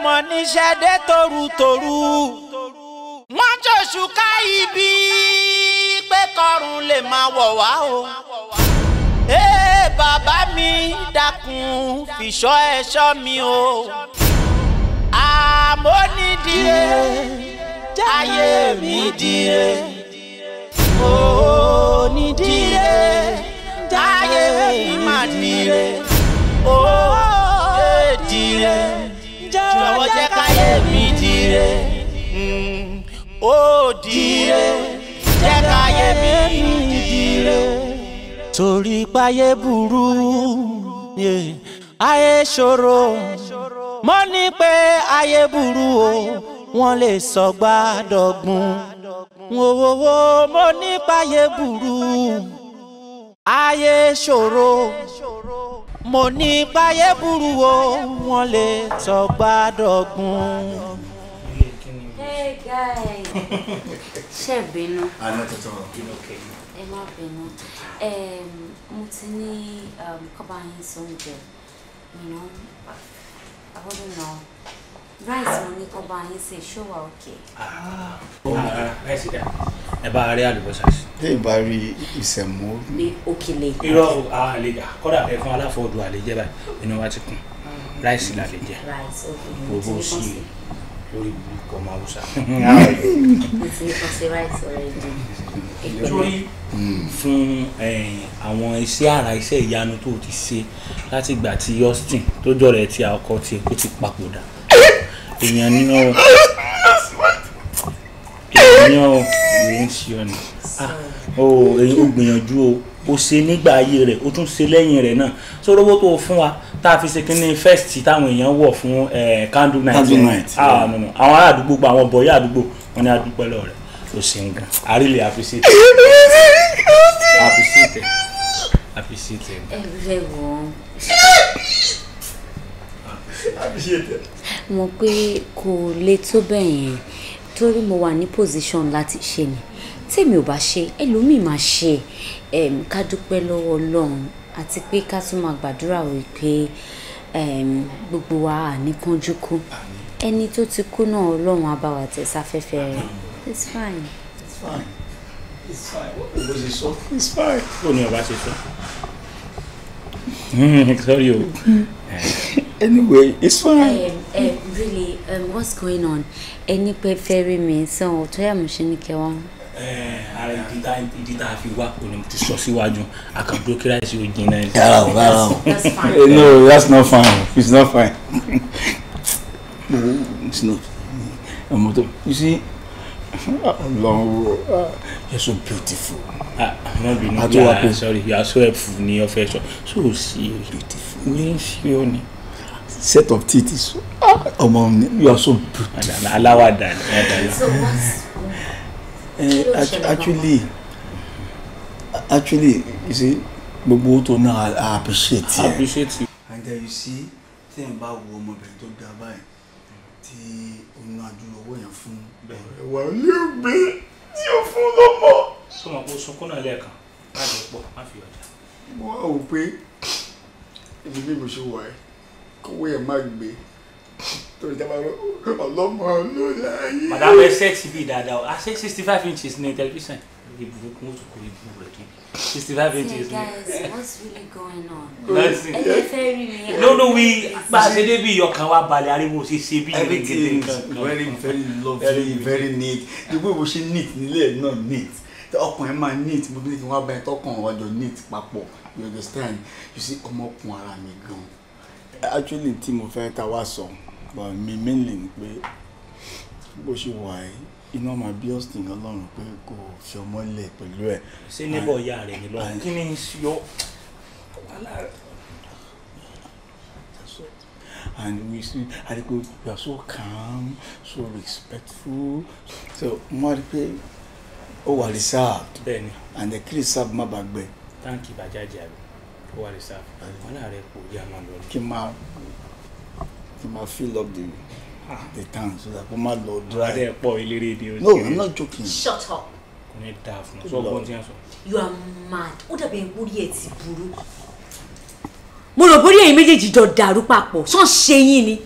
ọmọ níṣẹ́ dé torutoru wọ́n ṣòṣù ká ibi pé kọrùn lè máa wọ̀ wá o. ee bàbá mi dákun fìṣọ́ ẹ̀ṣọ́ mi o. àmọ́ ní dire ayé mi dire ooo ní dire ayé mi má dire ooo ẹ dire dire ó dire jẹ́ káyé mi dire torí páyé burú ayé ṣòro mo ní pé ayé burú o wọ́n lè sọ gbàdọ̀gbun wòwòwò mo ní páyé burú ayé ṣòro mo ní páyé burú o wọ́n lè sọ gbàdọ̀gbun. Guy. Ṣé bínú? Àná tuntun. Inú kẹ́yìn. Ẹ má bínú. Mo ti ní um, kọ́ba yín sóúnjẹ. I wouldn't know. Rice mo ní kọ́ba yín ṣe ṣó wa òkè. Ẹ bá rí àlùbọ́sà sí. Bí ìbá rí ìsẹ̀mú. Ní òkèlè. Irọ́ àlejò kọ́dà pé fún aláfọ̀ọ́dù àlejò báyìí inú wa ti kún. Ráìsì làlejò. Ráìsì òkèlè. Gbogbo sí i lórí burúkú ọmọ haúsá. nítorí fún eh, àwọn iṣẹ́ àrà iṣẹ́ ìyanu tó ti ṣe láti ìgbà tí Austin tó jọ̀rọ̀ ẹ̀ tí a ọkọ tiẹ̀ kó ti papòdà èèyàn nínú ọ̀rọ̀ èèyàn ò rèé ń ṣe ọ̀nà ó gbìyànjú o ó ṣe nígbà ayé rẹ̀ ó tún ṣe lẹ́yìn rẹ̀ náà tó rówó tó fún wa tá a fi ṣe kínní first táwọn èèyàn wọ̀ fún candle night ah, àwọn ará àdúgbò gba àwọn bọ̀yá àdúgbò wọn ni àdúgbò lọ rẹ̀ o ṣe ń gan àrílẹ̀ àfiṣètè àfiṣètè àfiṣètè. ẹ ẹ wọ mo pé kò lè tó bẹ́ẹ̀ yẹn torí mo wà ní position láti ṣe ni tèmi ò bá ṣe ẹlòmíì máa ṣe ká dúpẹ́ lọ́wọ́ ọlọ́run àti pé ká tún máa gbàdúrà wípé gbogbo wa àníkánjú kú ẹni tó ti kú náà ọlọ́run á bá wa it's fine. it's fine. it's fine. owó ṣe ọba ṣe sọ. sorry o. anyway it's fine. Um, um, really um, what's going on? ẹni pé fẹ́ mi sàn ò tó yà mo ṣe ní kẹwọn. Eh, ara ìdí tá a fi wá kò ní mo ti sọ síwájú àkàndó kíláàsì òjì náà. yàrá o yàrá o eh, no that's not fine it's not fine it's not ọmọ tó you see Long. o ah, you're so beautiful. ah no be no yeah sorry you so helpful ni ọfẹ sọ so serious beautiful. you serious ni set of teeth is ah, ọmọ mi you are so brutal. aláwa dàní. actually actually you see gbogbo owó tó ná i appreciate you. i appreciate you. and then you see tí ẹ̀ ń bá wo ọmọbìnrin tó ga báyìí tí òun náà ju owó yẹn fún ọ̀rẹ́ wa yóò gbé tí o fún lọ́mọ. sọmọ kó sunkún náà lẹ́ẹ̀kan láti pọ̀ má fi ọjà. wọ́n ò pé ibi bí mo ṣe wà ẹ́ kówó ẹ̀ má gbé torí ìjọba ọlọ́mọ ló láyé. madame ẹ ṣe tv dáadáa a ṣe sixty five inches ní tẹlifíṣàn ìbùkún ó tún kò ìbùkún rẹ̀ kí sixty five inches guys what's really going on. lẹ́sìn ẹ fẹ́ rí mi. no no we bá a ṣe ọkàn wa balẹ̀ ariwo ṣe ṣe bí gẹ́gẹ́ very very lovely very neat gbogbo ìwò ṣe neat nílẹ̀ náà neat ọkùnrin máa neat mo ní kí wọ́n bá ẹ tọkàn ọjọ́ neat papọ̀ you understand you see ọmọkùnrin ara mi gan-an actually tí mo fẹ́ ta wá sọ but mi mainly ni pé bó ṣe wà ẹ́ iná máa bí Austin ọlọ́run pé kò fi ọmọ lẹ̀ pẹ̀lú ẹ̀. ṣé níbọ̀ ìyá rẹ̀ ni lọ́wọ́ kí ni yọ wàhálà rẹ̀. and we see Adigo, you are so calm, so respectful. So Mwaripe, ó wà reserved. Bẹ́ẹ̀ni. And the kiri serve má bàgbẹ́. Thank you, Bajaji wà ní sáà wàhálà rẹ kò yá máa lọ. kí n máa kí n máa fill up the ah. the tank so that kó má lọ dry. wàhálà ẹ̀ pọ̀ eléré ni no i'm not joking. shut up. kò ní dáa fún un sọ tí wọ́n sọ. you are mad ó dàbí orí ẹ̀ ti burú mo rò bórí ẹ̀yin méjèèjì jọ dàrú papọ̀ ṣọ́n ṣe yín ni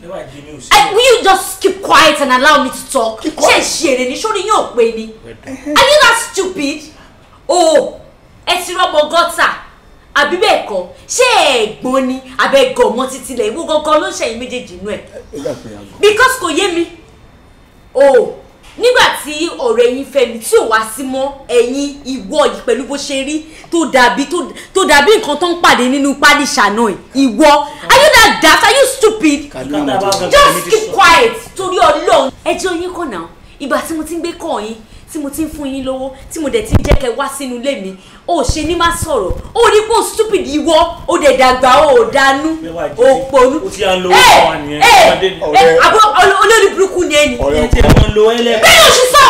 will you just keep quiet and allow me to talk ṣe ṣeré ni sórí yóò pé ni are you that stupid oh ẹ ti rọ́bọ gọ́tà àbí bẹ́ẹ̀ kọ́ ṣé ẹ̀gbọ́n ni àbẹ̀gọ̀ ọmọ títí lẹ̀ ìwọ gangan ló ṣẹ̀yìn méjèèjì inú ẹ̀. because kò yé mi o nígbà tí ọ̀rọ̀ ẹ̀yin fẹ́ mi tí ò wá sí mọ́ ẹ̀yin ìwọ yìí pẹ̀lú bó ṣe rí tó dàbí tó dàbí nǹkan tó ń pàdé nínú pálíṣà náà ìwọ are you that daft are you stupid just keep quiet torí ọlọ́run ẹjọ́ yín kọ̀ náà ìgbà tí mo ti ń gbé kọ́ yín tí mo ti ń fún yín lówó tí mo dẹ̀ ti ń jẹ́ kẹ́ wá sínú ilé mi ó ṣe ní má sọ̀rọ̀ ó rí pò stupid ìwọ ó dẹ̀ dàgbà ó dánú ó ponú. ó ti à ń lo owó wa nìyẹn ọmọdé ni. ẹ àbúrò olórí burúkú ni ẹni. ọ̀rẹ́ tí wọ́n lo ẹlẹ́gbẹ̀ẹ́. bẹ́ẹ̀ ló ṣe sọ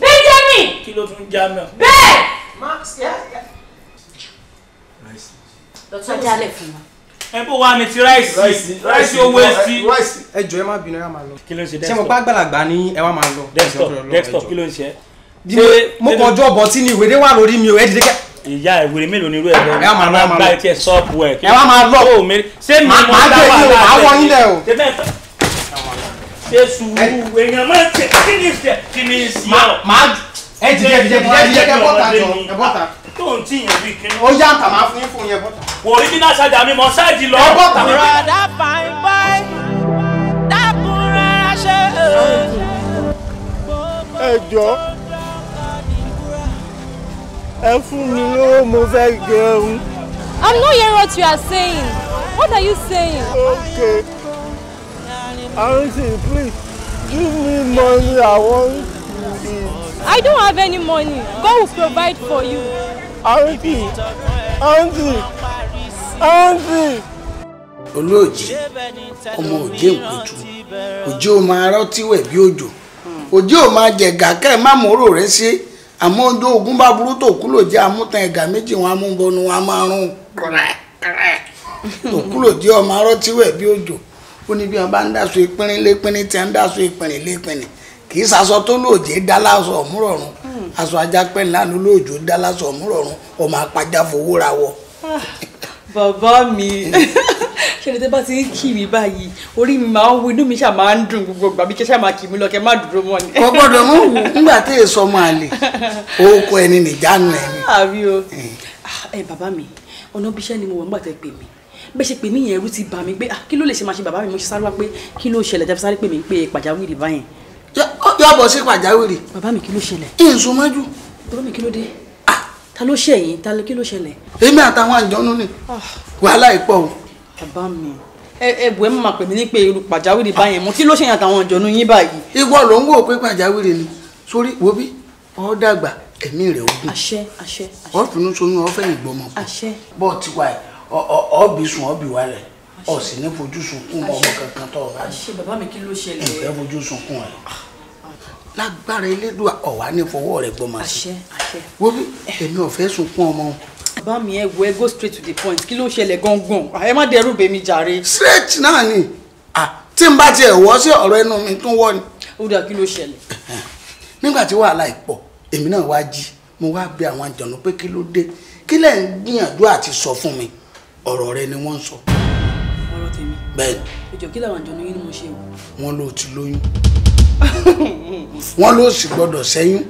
benjamin. kí ló tún já náà. bẹ́ẹ̀. max yẹ́ yẹ́. lọ́tọ́ jálẹ̀ fún wa ẹ bó wa mi ti ráìsì ráìsì owó ẹsì. ráìsì ẹ jọ ẹ má bínú ẹ má lọ. kí ló ń ṣe desktop ṣé mo bá àgbàlagbà ni ẹ wá máa lọ. desktop desktop kí ló ń ṣe. mo kàn jọ bọ̀ tí ni ìwé dé wà lórí mi o ẹ dìde kẹ́. ìyá ìwé mélòó ni irú ẹ lọ. ẹ wá máa lọ ẹ máa lọ ẹ sọ́ọ̀pù ẹ. ẹ wá máa lọ ṣé mi mo dá wà láàbẹ̀ ṣe sùúrù èèyàn máa ń ṣe kí ni ṣe kí ni ṣe. ẹ jìjẹ jìjẹ jìjẹ jìjẹ kẹ bọ́ta jọ ẹ bọ́ta tó ń yẹn bí kíni. ó yá àtàmà fún fún yẹn bọ́tà. wò ó rí bínú àṣàjà mi mọ ṣáàjì lọ. ẹ bọ́tà mi. rọ̀dà fàìn ṣe é. ẹ jọ ẹ fún mi lówó mo fẹ́ jẹun. I'm not hearing what you are saying. What are you saying? Okay. Auntie, please give me money. I want to I don't have any money. God will provide for you àǹtí àǹtí àǹtí. olóòjì ọmọ òjé òkútu òjé ò máa rọtí wẹ̀ bí òjò hmm. òjé ò máa jẹ̀gà kẹ́ ẹ̀ má mòró rẹ̀ sí àmọ́ ojú ogun bá burú tó kú lò jẹ́ àmútan ẹ̀gà méjì wọn amúbọnu wọn máa rún kúrẹ́kúrẹ́ tó kú lò jẹ́ ọmọ arọ́tí bí òjò ó ní bí wọn bá ń dáṣọ ìpínrin lépínrin tí wọn ń dáṣọ ìpínrin lépínrin kì í sasọ tó lòdì dá láṣọ ọ̀múrọ̀rùn aṣọ ajá pẹ́ lánàá lóòjó dá lásọ ọ̀múrọ̀rùn ọmọ apájá fowó ra wọ. Ah, bàbá mi ṣe ni tẹ bá ti ń kí mi báyìí orí mi máa ń wo inú mi ṣáà máa ń dùn gbogbo ìgbà bí kẹ ṣáà máa kì mí lọ kẹ má dúró mọ́ ni. kò gbọ́dọ̀ mú wù nígbà tí èso máa lè orúkọ ẹni nìjánu ẹni. Ah, àbí o eh. ah, ẹ bàbá mi ọ̀nà bíṣẹ́ ni mo wọ̀ nígbà tẹ pè mí bẹ́ẹ̀ ṣe pè mí yẹn ẹ̀rù ti bà mí pé kí ló lè ṣe máa ṣe bàbá mi mo ṣe sáré wá pé kí ló ṣẹlẹ̀ tẹ́ sáré pè mí pé pàjáwìrì báyẹn yóò bọ̀ sí pàjáwìrì. bàbá mi kí ló ṣẹlẹ̀. kí n so mọ́jú. bàbá mi kí ló dé. ta ló ṣe yín ta ló kí ló ṣẹlẹ̀. èmi àtàwọn àjọ̀nú ni wàhálà ìpọ̀ o. bàbá mi ẹbùn ẹ máa pè mí ní pé irú pàjáwìrì báyẹn mo kí ló ṣe yín àtàwọn àjọ̀nú yín báyìí. ìwọ ló ń wò pé pàjáwìrì ni sórí wo bí ọ dàgbà ẹ̀mí rẹ̀ ogun. àṣẹ àṣẹ àṣẹ. ọ̀tún sóyún ọ̀fẹ́ ìgbọ́mọ̀. àṣẹ. bọ́ọ̀ tiwa ẹ̀ ọ̀ ọ̀ bí sùn ọ̀ bí wà rẹ̀ ọ̀sìn ní fojú sunkún ọmọ kankan tó ọba ní. àṣẹ bàbá mi kí ló ṣẹlẹ̀. ìfẹ́ fojú sunkún ẹ̀ lágbára elédùà ọ̀wá ní fọwọ́ rẹ̀ gbọ́mọ sí. wo bí èmi ò fẹ́ sunkún ọmọ. bàbá mi ẹ wo ẹ go straight to the point kí ló ṣẹlẹ̀ gangan ẹ má dẹrù bèmi jàre. straight náà ni tí n bá tiẹ̀ wọ́ sí ọ̀rọ̀ ẹnu mi tún wọ́ ni. ó dà kí ló ṣẹlẹ̀. nígbà tí wàhálà ìpọ̀ èmi náà wá jí mo wá bẹ̀ àwọn àjọ̀nú pé kí ló dé kí lẹ́ ń gbìyànjú àti sọ fún mi ọ̀rọ̀ rẹ ni wọ́n ń sọ bẹ́ẹ̀ ni. ìjọ kí làwọn àjọ lóyún ni mo ṣe o. wọn ló ti lóyún wọn ló sì gbọ́dọ̀ ṣẹ́yún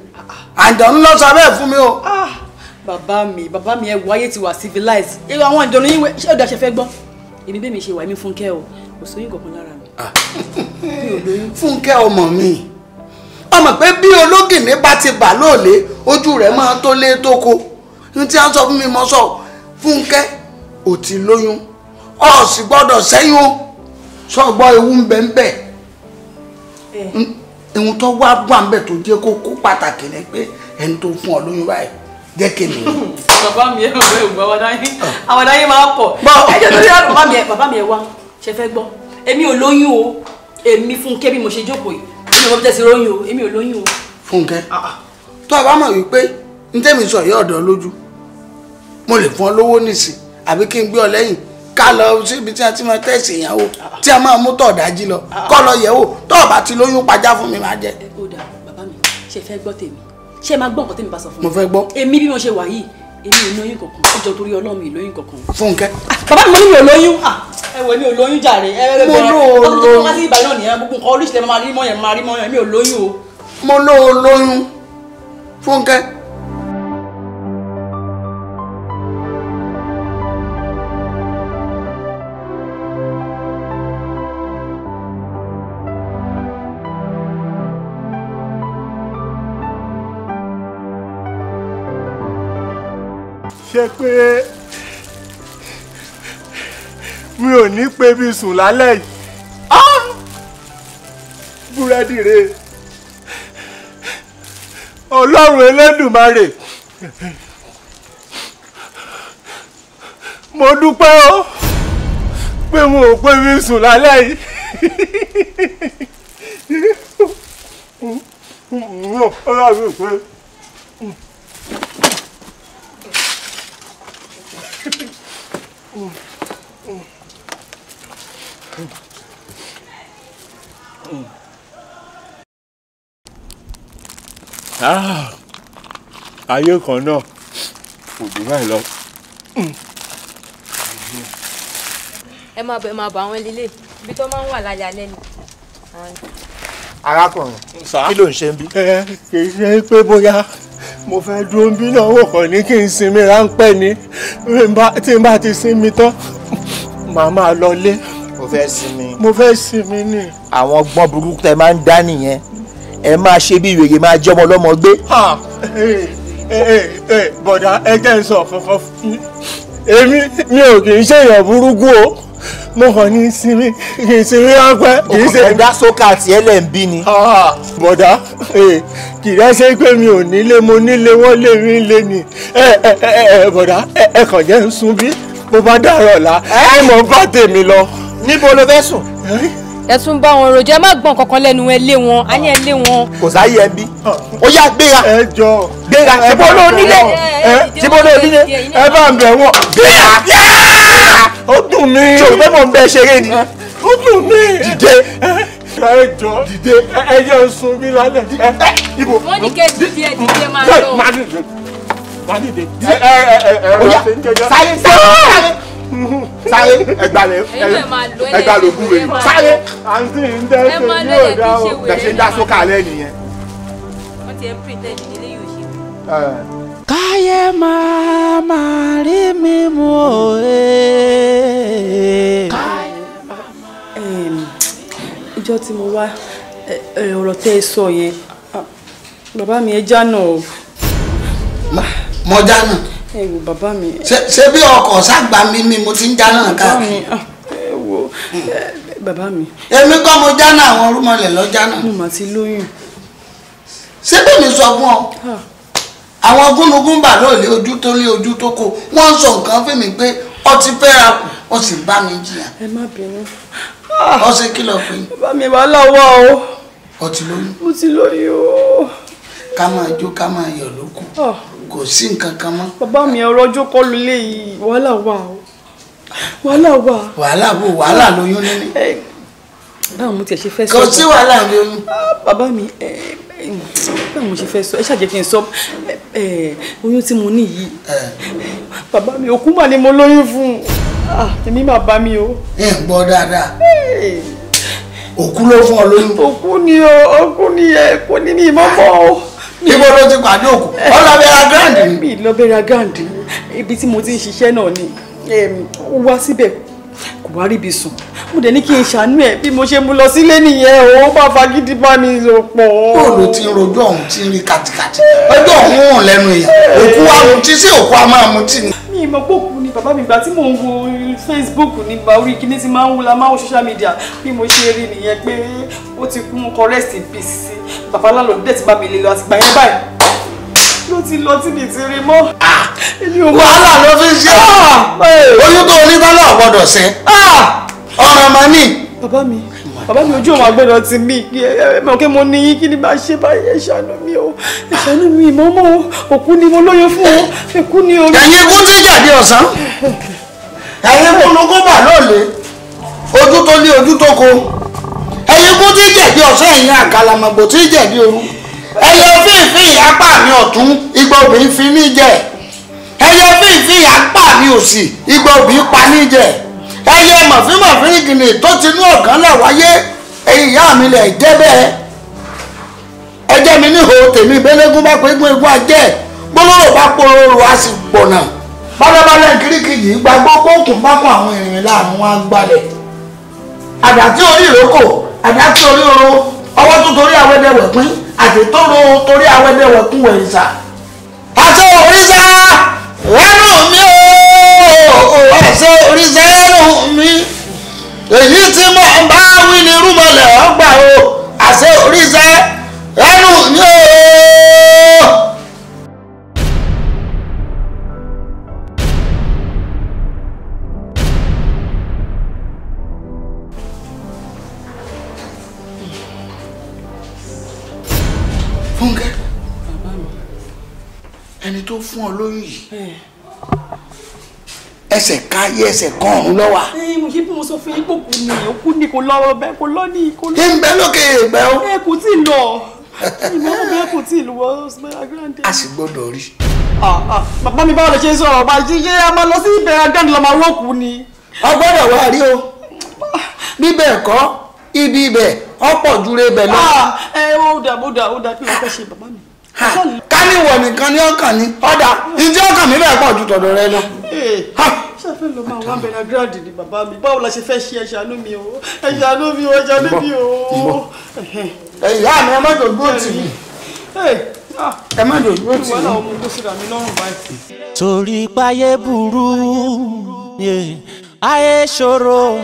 àjọ ńlọ sábẹ́ fún mi o. Ah, bàbá mi bàbá mi ẹ wo ayé ti wà civilized ewu àwọn àjọ lóyún ṣé ọdọ àṣẹ fẹ́ gbọ́ èmi bẹ́ẹ̀ mi ṣe wà èmi fúnkẹ́ o kò sóyún kankan lára mi. Ah. fúnkẹ́ ọmọ mi ọmọ pé bí ológìnní bá ti bà lóòlé ojú rẹ̀ máa tó lé tó ko ní tí a sọ fún mi mọ́ sọ fúnkẹ́ ò ti lóyún ọ sì gbọ́dọ̀ sẹ́yìn o sọgbọ ewu ń bẹ ń bẹ ìhun eh. tó wá gbà ń bẹ tó jẹ́ kó kó pàtàkì ni pé ẹni tó fún ọ lóyún báyìí jẹ́ kémi. bàbá mi ẹ wọ ẹwù àwọn adáyé àwọn adáyé máa pọ̀ ẹjọ́ tó yára bàbá mi ẹ bàbá mi ẹ wá ṣe fẹ́ gbọ́ èmi ò lóyún o èmi Fúnkẹ́ bí mo ṣe jókòó yìí mi ò tẹ̀sí lóyún o èmi ò lóyún o. Fúnkẹ́ ah, ah. tó o bá mọ̀ wípé ntẹ́mi sọ yóò dán lójú mo lè fún ọ lówó nísìn àbí kí n gbé ọ lẹ́yìn ká lọ síbi tí a ti máa tẹ̀sí ìyàwó tí a máa mú tọ̀ dájí lọ kọ́ lọ yẹ̀ wò tọ́ ọ̀ bá ti lóyún pajá fún mi máa jẹ. ó dà bàbá mi ṣe fẹ́ gbọ́ tèmi ṣe máa gbọ́ nǹkan tèmi bá sọ fún mi. mo fẹ́ gbọ́. èmi bí mo ṣe wà yìí èmi ò lóyún kankan ìjọ torí ọlọ́run mi ò lóyún kankan. fúnkẹ́. bàbá mi mo ní mi ò lóyún ẹ mi ò lóyún jàre mo lóyún. mo lóyún fúnkẹ́ ṣe pé mi ò ní pé bí sùn lálẹ́ yìí búrẹ́dì rè ọlọ́run elédùnmarè mo dúpẹ́ o pé mo ò pé bí sùn lálẹ́ yìí. Ọlọ́run pé. Ah, ayé kan náà kò dùn báyìí lọ. ẹ máa bẹ máa bọ àwọn ilé ibi tó máa ń wà lálẹ́ alẹ́ ni. arákùnrin kí ló ń ṣe ń bí. ẹ kì í ṣe pé bóyá mo fẹ́ dúró bí náà kàn ní kí n sinmi ráńpẹ́ ni tí n bá ti sinmi tán màá máa lọlé. mo fẹ́ sinmi. mo fẹ́ sinmi ni. àwọn gbọ́n burúkú tẹ máa ń dá nìyẹn ẹ máa ṣe bí wèrè máa jẹ́ ọmọ ọlọ́mọ gbé. bọ̀dà ẹ jẹ́ ń sọ kankan fún mi èmi mi ò kì í ṣèyàn burúkú o mo kàn ní sinmi kì í sinmi ránpẹ́. kì í ṣe ẹ̀dá sókà tí ẹ ni. bọ̀dá kì í dáṣẹ́ pé mi ò nílé mo nílé wọ́n lé mi lé ni bọ̀dá ẹ kàn jẹ́ ń sun bí mo bá dàrọ̀ la ẹ mọ̀ bá tèmi lọ. níbo ló fẹ́ sùn. ẹ tún bá wọn rojọ́ ẹ má gbọ́n kankan lẹ́nu ẹ lé wọn á ní ẹ lé wọn. kò sáyé ẹ bí ó yá gbéra gbéra ṣe ló nílé ṣe ló nílé ẹ bá ń bẹ̀ wọ̀ gbéra ó dùn mí. tí o fẹ́ mọ̀ ń bẹ́ ṣeré ni. ó dùn mí. dìde. ẹ jọ dìde. ẹ yẹ sun mi lálẹ́. ibo wọ́n ní kẹ́ẹ̀dì díẹ̀ dìde máa lọ. máa dìde máa dìde. ẹ ẹ ẹ ẹ ẹ ọ̀rọ̀ ṣe ń jẹjọ. sáré sáré sáré ẹgbàlẹ ẹgbàlẹ ògùn rẹ sáré. àǹtí ń dẹ́sẹ̀ ní ọ̀dà o. bẹ̀ṣẹ̀ ń dá sókà lẹ́nu yẹn. wọ́n ti ẹ̀ ń pè tẹ́lẹ̀ nílé yóò ṣe káyé máa máa rí mi mú òye. ìjọ tí mo wá ọ̀rọ̀ tẹ́ ẹ sọ yẹn bàbá mi ẹ jánà o. mo jánà. ẹ wo bàbá mi. ṣé bí ọkọ̀ ságbà mi mi mo ti ń jánà káàkiri. ẹ wo bàbá mi. èmi kọ́ mo jánà àwọn orúmọlẹ̀ lọ jánà. mo mà ti lóyún. ṣé bí mi sọ fún ọ àwọn gúnugún bà náà lé ojú tó lé ojú tó kó wọ́n sọ nǹkan fún mi pé ó ti fẹ́ra kù ó sì bá mi jìyà. ẹ má bínú. ó ṣe kìlọ̀ pé. bá mi wà lọ́wọ́ o. ó ti lóyún. mo ti lóyún o. ká máa jó ká máa yọ̀ lókun kò sí nǹkan kan mọ́. bàbá mi ọ̀rọ̀ ọjọ́ kọ́ ló lé yìí wàhálà wà o wàhálà wà. wàhálà wo wàhálà lóyún níní. báwo mo tiẹ̀ ṣe fẹ́ sọ. kò sí wàhálà lóyún. Ah, bàbá mi ẹ̀ẹ́ bẹ́ẹ̀ mo ṣe fẹ́ sọ ẹ ṣàjẹ́ kí n sọ oyún tí mo ní yìí bàbá mi òkú mà ni mo lóyún fún ah, èmi mà bá mi o. ẹ ń gbọ́ dáadáa òkú ló fún ọ lóyún. òkú ni o òkú ni ẹ kò ní ní ìmọ̀ mọ́ o. ibo ló ti pàdé òkú ọlọ́bẹ̀rẹ̀ grand. mi lọ́bẹ̀rẹ̀ grand ibi tí mo ti ń ṣiṣẹ́ náà ni wá síbẹ̀ wá rí ibi sùn mo dẹ̀ ní kí n ṣàánú ẹ̀ bí mo ṣe mú lọ sílé nìyẹn o bá fagídí bá mi lò pọ̀. bóòlù ti rojọ́ ọ̀hún ti rí kàtìkàtì ọjọ́ ọ̀hún hàn lẹ́nu èèyàn òkú amutí sí òkú a máa mutí ni. mi ì pòkù ni bàbá mi ìgbà tí mò ń wo Facebook ní orí kíní ti máa ń wula máa wo social media bí mo ṣe rí nìyẹn pé ó ti kún kọ rest in peace sí babaláwo dẹ̀ ti bá mi lè lọ àtìgbà yẹn báyìí ló ti lọ tí mi ti rí mọ́. Ah! wàhálà ló fi ṣe ah! oyún tó ní bá náà gbọdọ̀ ṣe ah! ọ̀ràn mà ní. bàbá mi bàbá mi ojú òun àgbẹ̀dọ̀ ti mí ẹ̀mọ̀ kí mo ní yín kí ni bá ṣe báyìí ẹ ṣàánú mi o ẹ ṣàánú mi ìmọ̀ọ́mọ́ o òkú ni mo lóyún fún o ẹ̀kú ni o. ẹ̀yin ikú ti jáde ọ̀sán ẹ̀yin kúnlógó bà lóòlẹ̀ ojú tó lé ojú tó ko ẹ̀yin kú ti jẹ̀bi ọ̀sán ẹ̀yin àkàlàmọ̀gbò ti jẹ̀bi ooru. Eye fífi apá mi ọ̀tún igba obìnrin fi mí jẹ ẹyẹ fífi apá mi òsì igba obìnrin pa mí jẹ ẹyẹ mọ̀fínmọ̀fín gìnì tó ti inú ọ̀gán mi lẹ̀ jẹ́ bẹ́ẹ̀ ẹjẹ́ mi níhò tèmi ìbẹ́lẹ́gún bá pé egun egun ajẹ́ gbólóró bá a sì gbọ̀nà bálábálẹ̀ kíríkì yìí gbàgbọ́ kóòkùn bá àwọn láàrin wọn gbalẹ̀ àdá tí àtètòrò torí àwọn ẹgbẹ́ wọn kún òrìṣà. àti òrìṣà lẹ́nu mi o àti òrìṣà lẹ́nu mi èyí tí mo bá wí ni rúmọlẹ̀ ọgbà o àti òrìṣà lẹ́nu mi o. tó fún ọ lóyún yìí ẹsẹ̀ káyé ẹsẹ̀ kan ọ̀hún lọ́wà. ṣé bí mo sọ fún yín kò kú ni òkú ni kò lọ ọbẹ kò lọ ní kò lọ. ń bẹ lókè ìgbẹ́ o. ẹ kò tí ì lọ ìmọ̀ ọbẹ̀ kò tí ì lọ agrande. a sì gbọ́dọ̀ rí. bàbá mi báwo lè ṣe sọ̀rọ̀ bá ṣe a máa lọ sí ibẹ̀ agrande lọ́mọ àwọn òkú ni. a gbọ́dọ̀ wá rí o bíbẹ̀ kọ́ ibi ibẹ̀ ọ̀pọ̀ jure ibẹ̀ lọ. ẹ ó dà ó dà ó dà kí ló fẹ́ ṣe bàbá mi ká ní ìwọ nìkan ní ọkàn ní ọ̀dà ìdí ọkàn mi bẹ́ẹ̀ pọ̀ ju tọ̀dọ̀ rẹ lọ. Eh, ṣàfẹ́ ló máa wá bẹ̀rẹ̀ gíráàdì ni bàbá mi báwo la ṣe fẹ́ ṣe ẹ ṣàánú mi o ẹ ṣàánú mi o ẹ ṣàánú mi o. Eh, ìyá mi ẹ má dògbò tì mí eh, ah. ẹ má dògbò tì mí. torí páyé burú ayé ṣòro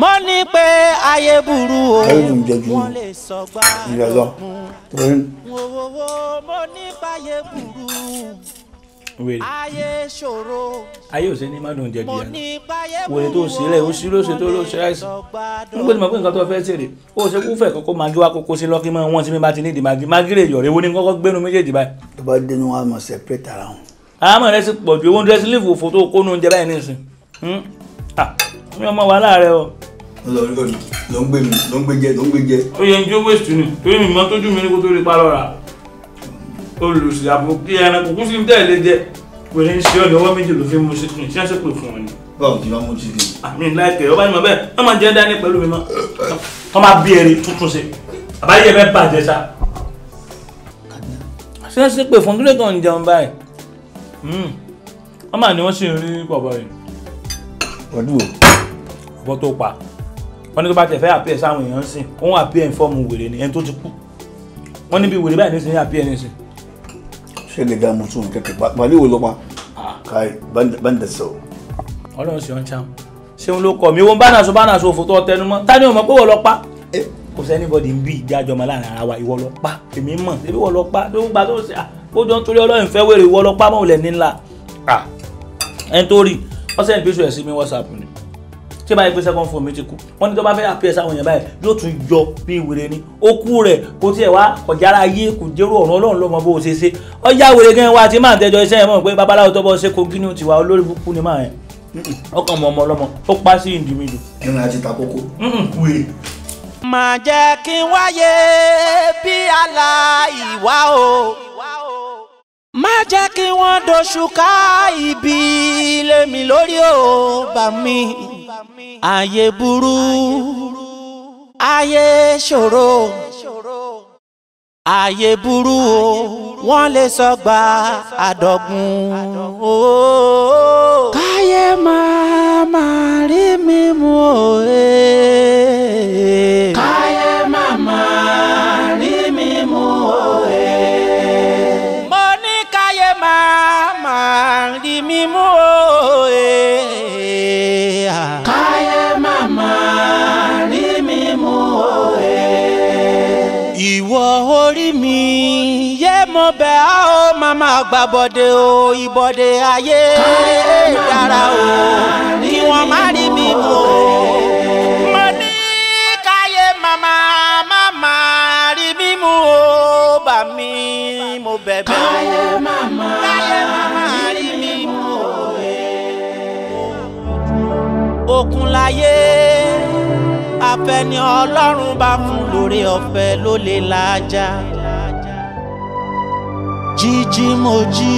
mo ní pé ayé burú o wọ́n lè sọgbà lókun owó mo ní báyé burú wèrè ayé ò ṣe ní mádùn jẹbi àná wèrè tó sílẹ̀ ó sí lóṣè tó lóṣè àìsàn nígbà tí mo pín nǹkan tó fẹ́ ṣèrè ó ṣe kúfẹ̀ kókó magi wá kókó sí lọ́kí máa wọ́n sí mi bá ti ní ìdí magi magi lè yọ̀rẹ́ wo ní kọ́kọ́ gbénu méjèèjì báyìí. tó bá dénú wa mọ̀ sẹ́pẹ̀tà ara wọn. àmọ́ rẹ ti pọ̀ ju owó ń dẹ́sí tó kónú oúnjẹ báyìí nísìn hmm? mi ọmọ wa láàárẹ o. lọ ló ń gbé mi ló ń gbé jẹ ló ń gbé jẹ. ó yẹ njó wéṣù ni torí mi mọ tójú mi ní kó tó lè pa lọ́ra olùsí àbò kí ẹran kò kú sí tẹ̀lé jẹ kò ní ṣe ọ̀dọ̀ ọwọ́ méjì ló fi mú sí kí n ṣe é pè fún ọ ni. báwo ni wọn mú ti rí. àmì láìpẹ́ ọba ni mo bẹ́ẹ̀ wọ́n máa jẹ́ dání pẹ̀lú mi mọ́ tọ́ máa bí ẹni tuntun pé fún kílẹ̀ kan ń jẹun báyìí hmm. wọ́n máa ní wọ́n sì ń rí bọ̀bọ̀ yìí pẹ̀lú o ìbọn tó pa wọ́n ní tó bá tẹ̀ fẹ́ àpẹ́ sáwọn èèyàn sìn òun àpẹ́ ń fọ́ọ̀mù wèrè ni ẹni tó ti kú wọ́n níbi wèrè báyìí nísìnyí àpẹ́ ẹni sìn. ṣé lè ga mutum kẹkẹ pàlẹ́ wo ló pa káì báńdà sọ. ọlọ́run sì ń ṣam ṣeun ló kọ mi wọn bá náà so bá náà so fòtó ọtẹnu mọ tani ò mọ pé wọ́n lọ pa kò sẹ́ni bọ́dì ń bí ìjà àjọmọ́ láàrin ara wa ìwọ lọ pa èmi mọ̀ èmi wọ lọ pa tó ń gba tó ń ṣe à kó jọ ń torí ọlọ́run fẹ́ wèrè ìwọ lọ pa mọ́ òun lẹ̀ ní ńlá ẹni tó rí i wọ́n sẹ́yìn píṣọ ẹ̀ sí mi whatsapp ni tí báyìí pé second phone mi ti kú wọ́n ní tó bá fẹ́ àpẹẹsẹ àwọn èèyàn báyìí yóò tún yọ bí wèrè ni ó kú rẹ̀ kò tiẹ̀ wá kọjára ayé kò jẹ́rú ọ̀run ọlọ́run lọ́mọ bó o ṣe ṣe ọjà wèrè gan wa ti máa ń tẹjọ iṣẹ́ yẹn mọ̀ pé babaláwo tó bọ́ ṣe kogi ní tiwa olórí kú ni máa yẹn ọkàn mọ ọmọ ọlọ́mọ ó pa sí individu. ẹnu àti takoko má jẹ́ kí wọ́n doṣù ká ibi ilé mi lórí ó bà mí ayé burú ayé ṣòro ayé burú o wọ́n lè sọ gba àdọ̀gún o. káyé máa máa rí mi òye. mi mú o. káyé màmá rí mi mú o. Eh. ìwọ orí mi yé mo bẹ̀ a o màmá gbàbọ̀dé o ìbọ̀dé ayé dára o kí wọ́n má rí mi mú o. bẹ̀bẹ̀. káyé màmá. òkun láyé afẹ́ni ọlọ́run bá fún lóore ọ̀fẹ́ ló lè làájá jíjí mo jí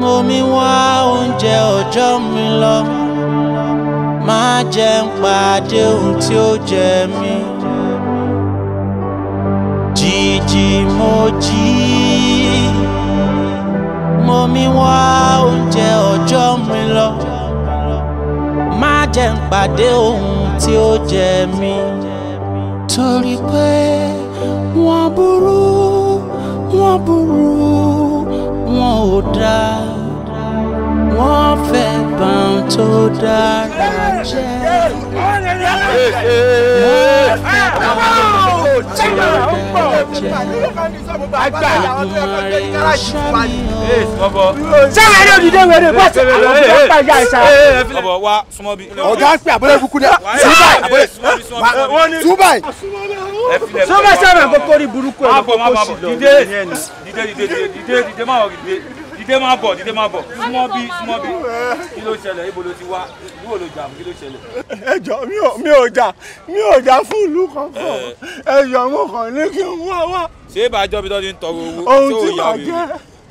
mo mi wá oúnjẹ ọjọ́ mi lọ má jẹ́ n pàdé ohun tí ó jẹ mí jíjí mo jí mo mi wá oúnjẹ ọjọ́ mi lọ má jẹ́ n pàdé ohun tí ó jẹ mí. torí pé wọ́n burú wọ́n burú wọn ò dáa wọ́n fẹ́ bá ohun tó dára jẹ́. wọ́n fẹ́ bá wẹ̀rẹ̀ bá àwọn ọmọ ìyá ìjà ìṣá. ọbọ ń pè àbúrò kúkú dẹ. túbàì túbàì. sọ́mọ́sọ́mọ́ kókó rí burúkú ẹ̀ kókó sí lọ dìde máa bọ̀ dìde máa bọ̀ súnmọ́ bí súnmọ́ bí kí ló ṣẹlẹ̀ ibo ló ti wá ibo ló jà kí ló ṣẹlẹ̀. ẹ jọ mi ò mi ò jà mi ò jà fún ìlú kankan eh. ẹ jọ mo kàn ní kí n wá wá. ṣé ìbàjọ́ bí tó ti ń tọrọ owó ohun tí màá jẹ́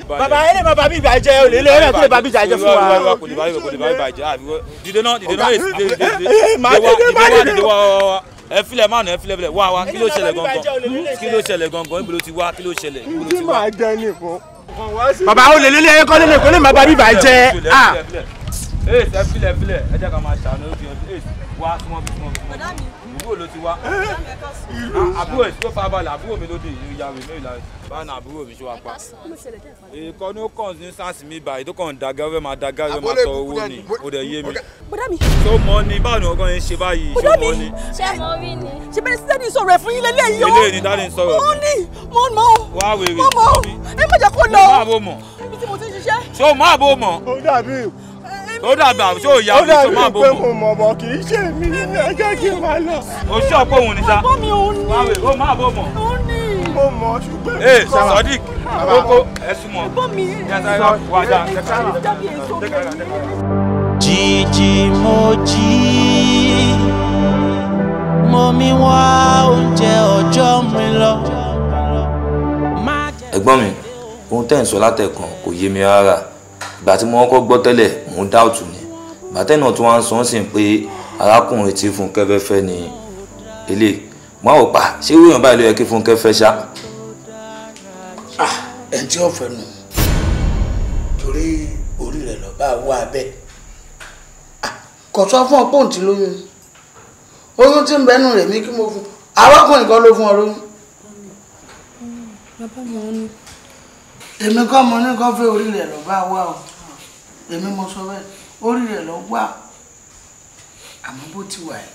bàbá ilé bàbá mi ìbàjẹ́ olè ilé ọ̀nà tó lè bàbí ìbàjẹ́ fún wa. kò lè bàbí kò lè bàbí ìbàjẹ́ àbíwọ́ dìde náà dìde náà dìde dìde eh, eh, dìde dìde wá wá wá ẹ filẹ máa nà ẹ filẹ bilẹ wá wá kí ló ṣẹlẹ̀ gangan kí ló ṣẹlẹ̀ gangan ibi ló ti wá kí ló ṣẹlẹ̀. ǹjẹ́ màá jẹ́ nìkan. Baba, ó le lélẹ̀ ẹ̀kọ́ lélẹ̀ kó lè má ba bíbà jẹ́ a. Ah. ẹ filẹ̀ filẹ̀ ẹ jẹ́ ká máa ṣàánú ó fi ọdún ẹ wá súnmọ́ bí súnmọ́ bí súnmọ́ bí àbúrò ló ti wá ah, àbúrò ẹ̀ tó farabalẹ̀ àbúrò mi ló di ìlú ìyá mi lóyún lára báyìí àbúrò mi ṣe wá pa. èkó ni ní sars mi báyìí tó kàn dàgá ó máa dàgá ó máa tọ owó ni ó dẹ̀ yé mi. tó mọ ni báwo ni ọkọ yẹn ṣe báyìí ṣé mọ ni. ṣé bẹ́ẹ̀ sísẹ́ni sọ̀rọ̀ ẹ̀ fún yín lélẹ́ yìí o. ilé ni sọ̀rọ̀. mo mọ wá wèrè mo mọ ẹ má jẹ́ kó lọ. mo má bò mọ̀. ibi ṣé o má bò mọ̀ ó dàgbà tí ò yá omi tó máa bọ̀. ó dàbí pé mo ṣe mí ẹjẹ́ kí n máa lọ. o ṣe ọ̀pọ̀ òun ni sa. ọgbọ́n mi òun ni. o máa bọ̀ mọ̀. òun ni. mo mọ̀ ṣùgbọ́n. ee eh, sadiq kókó ẹ̀sùn mọ̀. ọgbọ́n mi jíjí mo jí mo mi wá oúnjẹ ọjọ́ mi lọ. ẹ̀gbọ́n mi ohun tẹ́ ń sọ látẹ̀kàn kò yé mi rárá ìgbà tí mo kọ́kọ́ gbọ́ tẹ́lẹ̀ mo dáùtù ni bàtẹ́ náà tí wọ́n á sọ ọ́n sì ń pé arákùnrin tí Fúnkẹ́ fẹ́ ni eléyìí wọn ò pa ṣé wíwọ̀n báyìí ló yẹ kí Fúnkẹ́ fẹ́ ṣá. Ah, ẹ tí ó fẹ́ nù torí orí rẹ̀ lọ́ọ́ bá wá abẹ́ ah, kò sọ fún ọ pọ́ǹtì lóyún oyún tí ń bẹ́nu rẹ̀ mí kí mo fún arákùnrin kan ló fún ọ lóyún. èmi kọ́ mo ní kọ́ fẹ́ orí rẹ̀ lọ́ọ́ bá wá o èmi mo sọ bẹ́ẹ̀ orí rẹ̀ lọ wà àmọ́ bó ti wà ẹ̀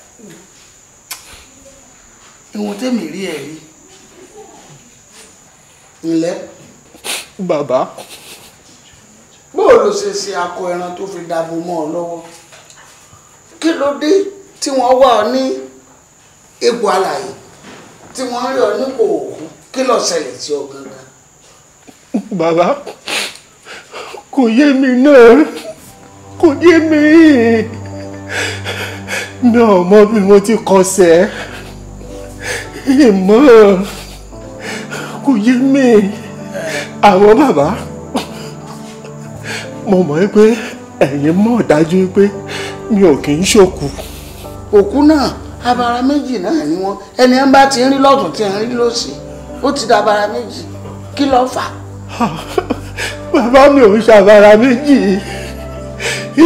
ìwọ̀n tèmi rí ẹ̀ rí ńlẹ́. bàbá. bó o lọ ṣe ṣe akọ ẹran tó fi dàbò mọ́ ọ lọ́wọ́ kí ló dé tí wọ́n wà ọ ní egbò alàyè tí wọ́n rí ọ nípò òkú kí ló ṣẹlẹ̀ sí ọ gangan. bàbá kò yé mi náà kò yé mi náà mọ bí mo ti kọsẹ̀ ìmọ̀ kò yé mi àwọn bàbá mo mọ̀ pé ẹ̀yin mọ̀ dájú pé mi ò kì í ṣòkú. òkú náà abara méjì náà ni wọn ẹni ẹ bá ti ń rí lọ́tún tí ẹ ń rí lọ́sì ó ti dabara méjì kí ló fà bàbá mi ò ń ṣàbàrà méjì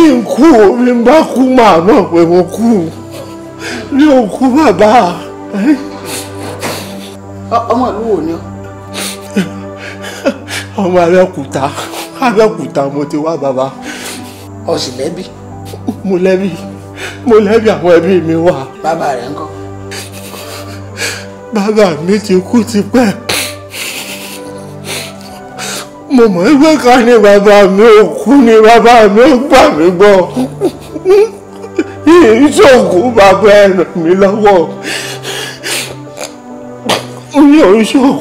ìkú mi bá kú màmá pé mo kú mi ò kú bàbá. ọmọ ìlú wo ni ọ. ọmọ Abẹ́òkúta Abẹ́òkúta mo ti wá bàbá. o sì lẹ́bi. mo lẹ́bi mo lẹ́bi àwọn ẹbí mi wà. bàbá rẹ̀ ń kọ́. bàbá mi ti kú tipẹ́ mo mọ̀ ẹgbẹ́ kan ní bàbá mi ò kú ní bàbá mi ò gbà mí gbọ́ ìṣògùn bàbá ẹ ràn mí lọ́wọ́ mi ò ṣògùn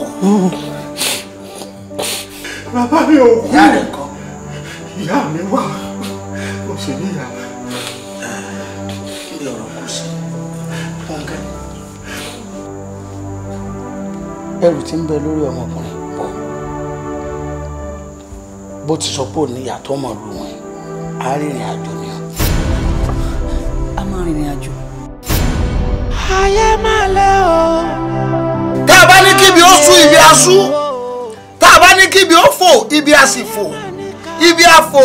bàbá mi ò kú ìyá mi wà mo sì ní ìyá mi. ẹrù tí ń bẹ lórí ọmọkùnrin bó ti sọ pé òní ìyàtọ̀ mọ̀ lù wọ́n á rìnrìn àjò ni o. a máa rìnrìn àjò. ayé máa lẹ o. tá a bá ní kíbi ó sú ibi a tá a bá ní kíbi ó fò ibi a fò ibi a fò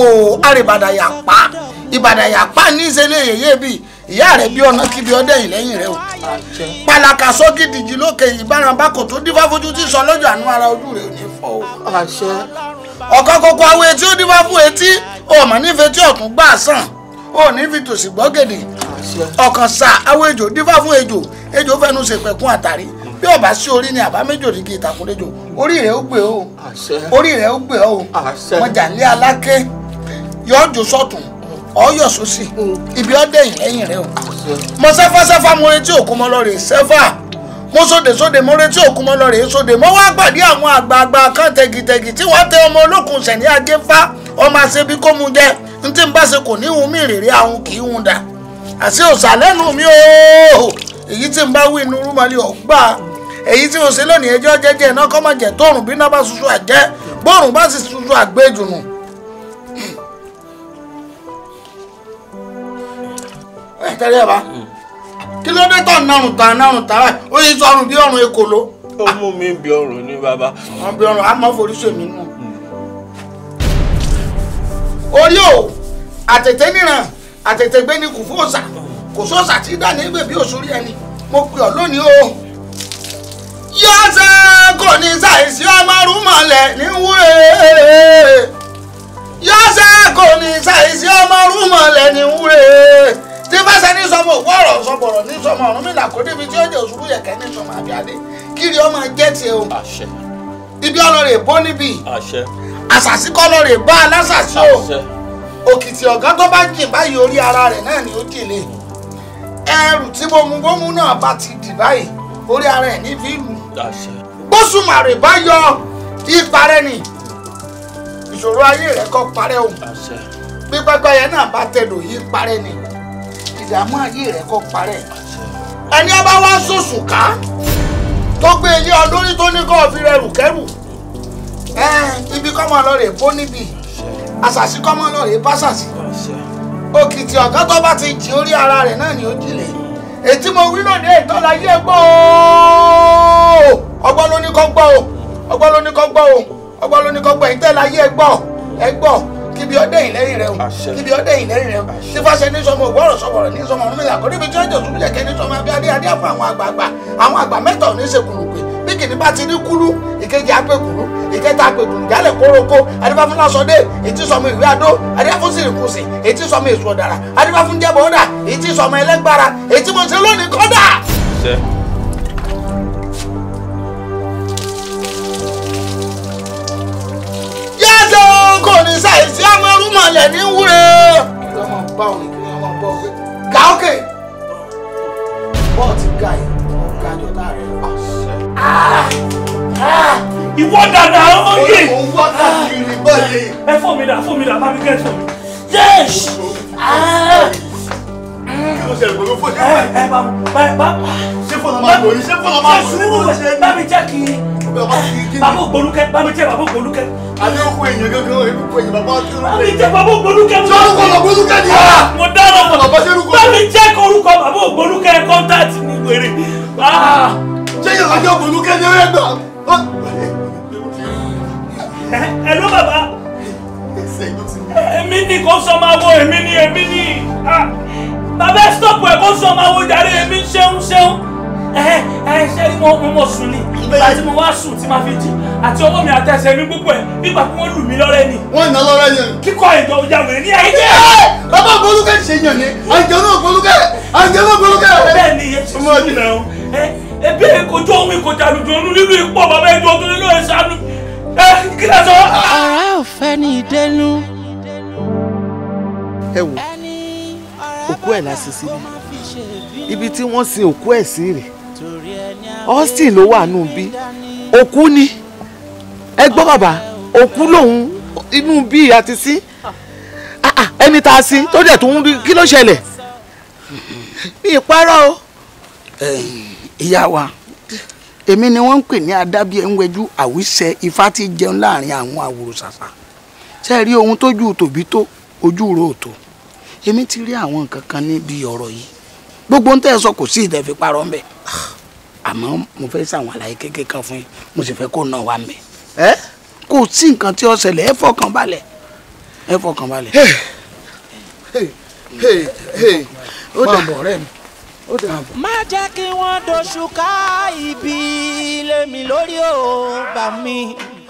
àrèbàdà pa ìbàdà yà pa ní ìṣẹ̀lẹ̀ yẹyẹ bíi ìyá rẹ bí ọ̀nà kíbi ọdẹ yìí lẹ́yìn rẹ o pàlàkà sọ́gìdìjì lókè ìbárànbá kò tó dífá fojú tí sọ lọ́jọ́ àánú ara ojú rẹ ò ní fọ́ o ọ̀kan kọ̀kọ̀ awo etí ó dífá fún etí ọmọ nífẹ̀ẹ́ tí ọ̀tún gbà sàn ó ní fi tòsí gbọ́gẹ̀dẹ̀ ọ̀kan sà àwọn ejò dífá fún ejò ejò fẹnu ṣèpẹ̀kún àtàrí bí ọba sí orí ni àbá méjì òdìgí ìtàkùnlẹ́jọ orí rẹ̀ ó gbé o orí rẹ̀ ó gbé o mọ̀jà ní aláké yọjò sọ̀tún ọyọ sósì mm. ibi ọdẹ yìí lẹ́yìn rẹ̀ o mọ sẹfà sẹfà mo retí òkú mọ lọ sẹfà mo sóde sóde mo retí òkú mo lọ rèé sóde mo wá pàdé àwọn àgbààgbà kan tẹ̀gìtẹ̀gì tí wọ́n tẹ ọmọ olókùn sẹ̀ní agéfá ọmọ àṣebí kó mu jẹ n tí n bá ṣe kò ní hun mí rèrè àwọn kì í hun dà àṣé òsà lẹ́nu mi ooo èyí tí n bá wí inú rúmọlẹ́ ọ̀gbà èyí tí mo ṣe lónìí ẹjọ́ jẹ́jẹ́ iná kọ́ máa jẹ́ tóòrùn bí iná bá ṣuṣu àjẹ́ bóòrùn bá sì ṣuṣu àgbéjù nù. ẹ tẹ́lẹ̀ bá. Hmm kí ló dé tọ̀ nárùn tà nárùn tà báyìí ó yẹ mú mi bí ọrùn ní bàbá. wọn bí ọrùn àmọ́ forí sèmi nù. orí o àtètè níran àtètè gbé ní kù fóòsà kò sóòsà tí dání gbè bí òṣùrí ẹni mo pè ọ lónìí o. yọ́sẹ̀ kò ní sàìsí ọmọ rúmọ̀lẹ̀ níwúrẹ́ yọ́sẹ̀ kò ní sàìsí ọmọ rúmọ̀lẹ̀ níwúrẹ́ fẹsẹ̀ ní sọmọ òwú ọ̀rọ̀ sọmọ̀rọ̀ ní sọmọ ọ̀rọ̀ mi là kó débi tí ó jẹ́ òṣùbù yẹ̀kẹ́ ní sọmọ àbíadé kiri ọmọ jẹ́ tiẹ̀ o. ibi ọlọ́rẹ̀ bó níbi. àṣẹ. àṣàṣì kọ́ bá aláṣàṣì o. òkìtì ọ̀gán tó bá jìn báyìí orí ara rẹ̀ náà ni ó jèlè. ẹrù tí bomu bomu náà bá ti dì báyìí orí ara ẹ̀ ní fíìlù. àṣẹ. gbósùmàrè bá yọ ìparẹ́ ni ìṣòro ayé rẹ̀ kọ́ parẹ́ o. pípẹ́pẹ́ yẹn náà bá tẹ̀dọ̀ yí parẹ́ ni ìdààmú ayé rẹ̀ kó parẹ́ ẹni ọba wá sòsù ká tó gbé ilé ọdún ní tó ní kó fi rẹ̀ rùkẹ́rù ibi kọ́mọ lọ́ọ̀rẹ́ bó níbi àṣàṣì kọ́mọ lọ́ọ̀rẹ́ bá ṣàṣì òkìtì ọ̀gá tó bá ti jì orí ara rẹ̀ náà ni ó jìlẹ̀ ètí mo wí lónìí ètò ọ̀làyé ẹgbọ́ ọgbọ́n ló ní kọ́ gbọ́ o ọgbọ́n ló ní kọ́ gbọ́ o ọgbọ́n ló ní kọ́ gbọ́ èyí tẹ́ láyé ẹgbọ́ ẹgbọ́ kíbi ọdẹ ìlẹ́yìn rẹ o kíbi ọdẹ ìlẹ́yìn rẹ o tí fàṣẹ ní sọmọ ògbọ́rọ̀ sọ̀rọ̀ ní sọmọ ọdún mẹ́ta kò níbi tí wọ́n jẹ̀ sùn jẹ̀kẹ́ ní sọmọ abíadé adé àfọ àwọn àgbààgbà àwọn àgbà mẹ́ta ò ní ṣe kùlùkù bí kìnnì bá ti ní kúrú ìkejì apẹ̀kùrú ìkẹta apẹ̀kùrú jálẹ̀ kórókó adébáfún lásọdé ètí sọmọ ìwé adó adébáfún sìrìkùsì ètí sọmọ èso ọ̀dàrà adébáfún jẹ́bọ̀ọ́dà ètí sọmọ ẹlẹ́gbára ètí mọ̀ọ́sẹ̀ lónìí kọ́dà. kò ní ṣàìsí amọ́rú mọ̀lẹ̀ ní wúre. ìjọba bá òun ga ókè bọ́ọ̀ ga ẹ̀ ọ̀gá jọ̀dá ìwọ dada oye. òun ẹ fọ́ mi dà fọ́ mi dà bá mi kẹ́ fọ́ ah! kí ló ṣẹlẹ̀ pẹ̀lú fóònù. ẹ ẹ bá bá ṣé fóònù máa lò yìí ṣé fóònù máa lò yìí. bá mi jẹ́ kí bàbá ògbólúkẹ́ bá mi jẹ́ bàbá ògbólúkẹ́. alẹ́ òkú èèyàn gángan èkó èèyàn bàbá tó lóore. bá mi jẹ́ bàbá ògbólúkẹ́. sọ orúkọ lọ gbólúkẹ́ ni. mo dáná mo lọ bá ṣe orúkọ. bá mi jẹ́ kó orúkọ bàbá ògbólúkẹ́ ah, kọ́ńtàtì mi wèrè. Ah. ṣé yàrá jẹ́ ògbólúkẹ́ ni ó yẹ gbà. ẹ ló eh, bàbá èmi ni kò sọ máa wo èmi ni èmi ni. Ah bàbá ẹ stop ẹ kó sọ máa wo jàre mi ṣeun ṣeun ẹ ẹ ṣe ni mo mo sùn ni ìgbà tí mo wá sùn tí ma fi jí àti ọwọ́ mi àtẹsẹ̀ mi púpọ̀ ẹ nígbà tí wọ́n lù mí lọ́rẹ́ ni. wọ́n ná lọ́rẹ́ yẹn. kíkọ́ ìjọ ọjà wèrè ní ayé. bàbá ògbólúkẹ́ ṣe yàn ni àjọ náà ògbólúkẹ́ àjọ náà ògbólúkẹ́. bẹ́ẹ̀ ni iye ti sùn náà ẹ ebi kojú ohun ìkọjà lùdùn olú nínú ipò bàbá ẹjọ tó nínú ẹ sánú ẹ kí lè sọ. ọ̀rẹ́ ò fẹ́ ni ìdẹ́nu. ẹ wò òkú ẹ̀ la ṣe sílẹ̀ ibi tí wọ́n sin òkú ẹ̀ sí rè Austin ló wà nù bí òkú ni ẹ gbọ́ bàbá òkú lòun inú bí àti sí ah, ah, ẹni tá a sin tó dẹ̀ tó ń rí kí ló ṣẹlẹ̀ ní ìparọ́ o. ìyá wa èmi ni wọ́n ń pè ní adábí ẹ̀ńwẹ́jú àwíṣẹ ifá tí jẹun láàrin àwọn àwòrán ṣàṣà ṣe rí ohun tójú tòbí tó ojú rò tó èmi ti rí àwọn nǹkan kan níbi ọ̀rọ̀ yìí gbogbo ń sọ kò sí ìdẹ́fi parọ́ ń bẹ̀ àmọ́ mo fẹ́ sàwọn àlàyé kékeré kan fún yín mo sì fẹ́ kó nà wá ń bẹ̀ kò sí nǹkan tí ó ṣẹlẹ̀ ẹ fọkàn balẹ̀ ẹ fọkàn balẹ̀. ó dà bọ̀ ọ̀rẹ́ mi ó dà bọ̀. má jẹ́ kí wọ́n doṣù ká ibi lèmi lórí ò bá mi.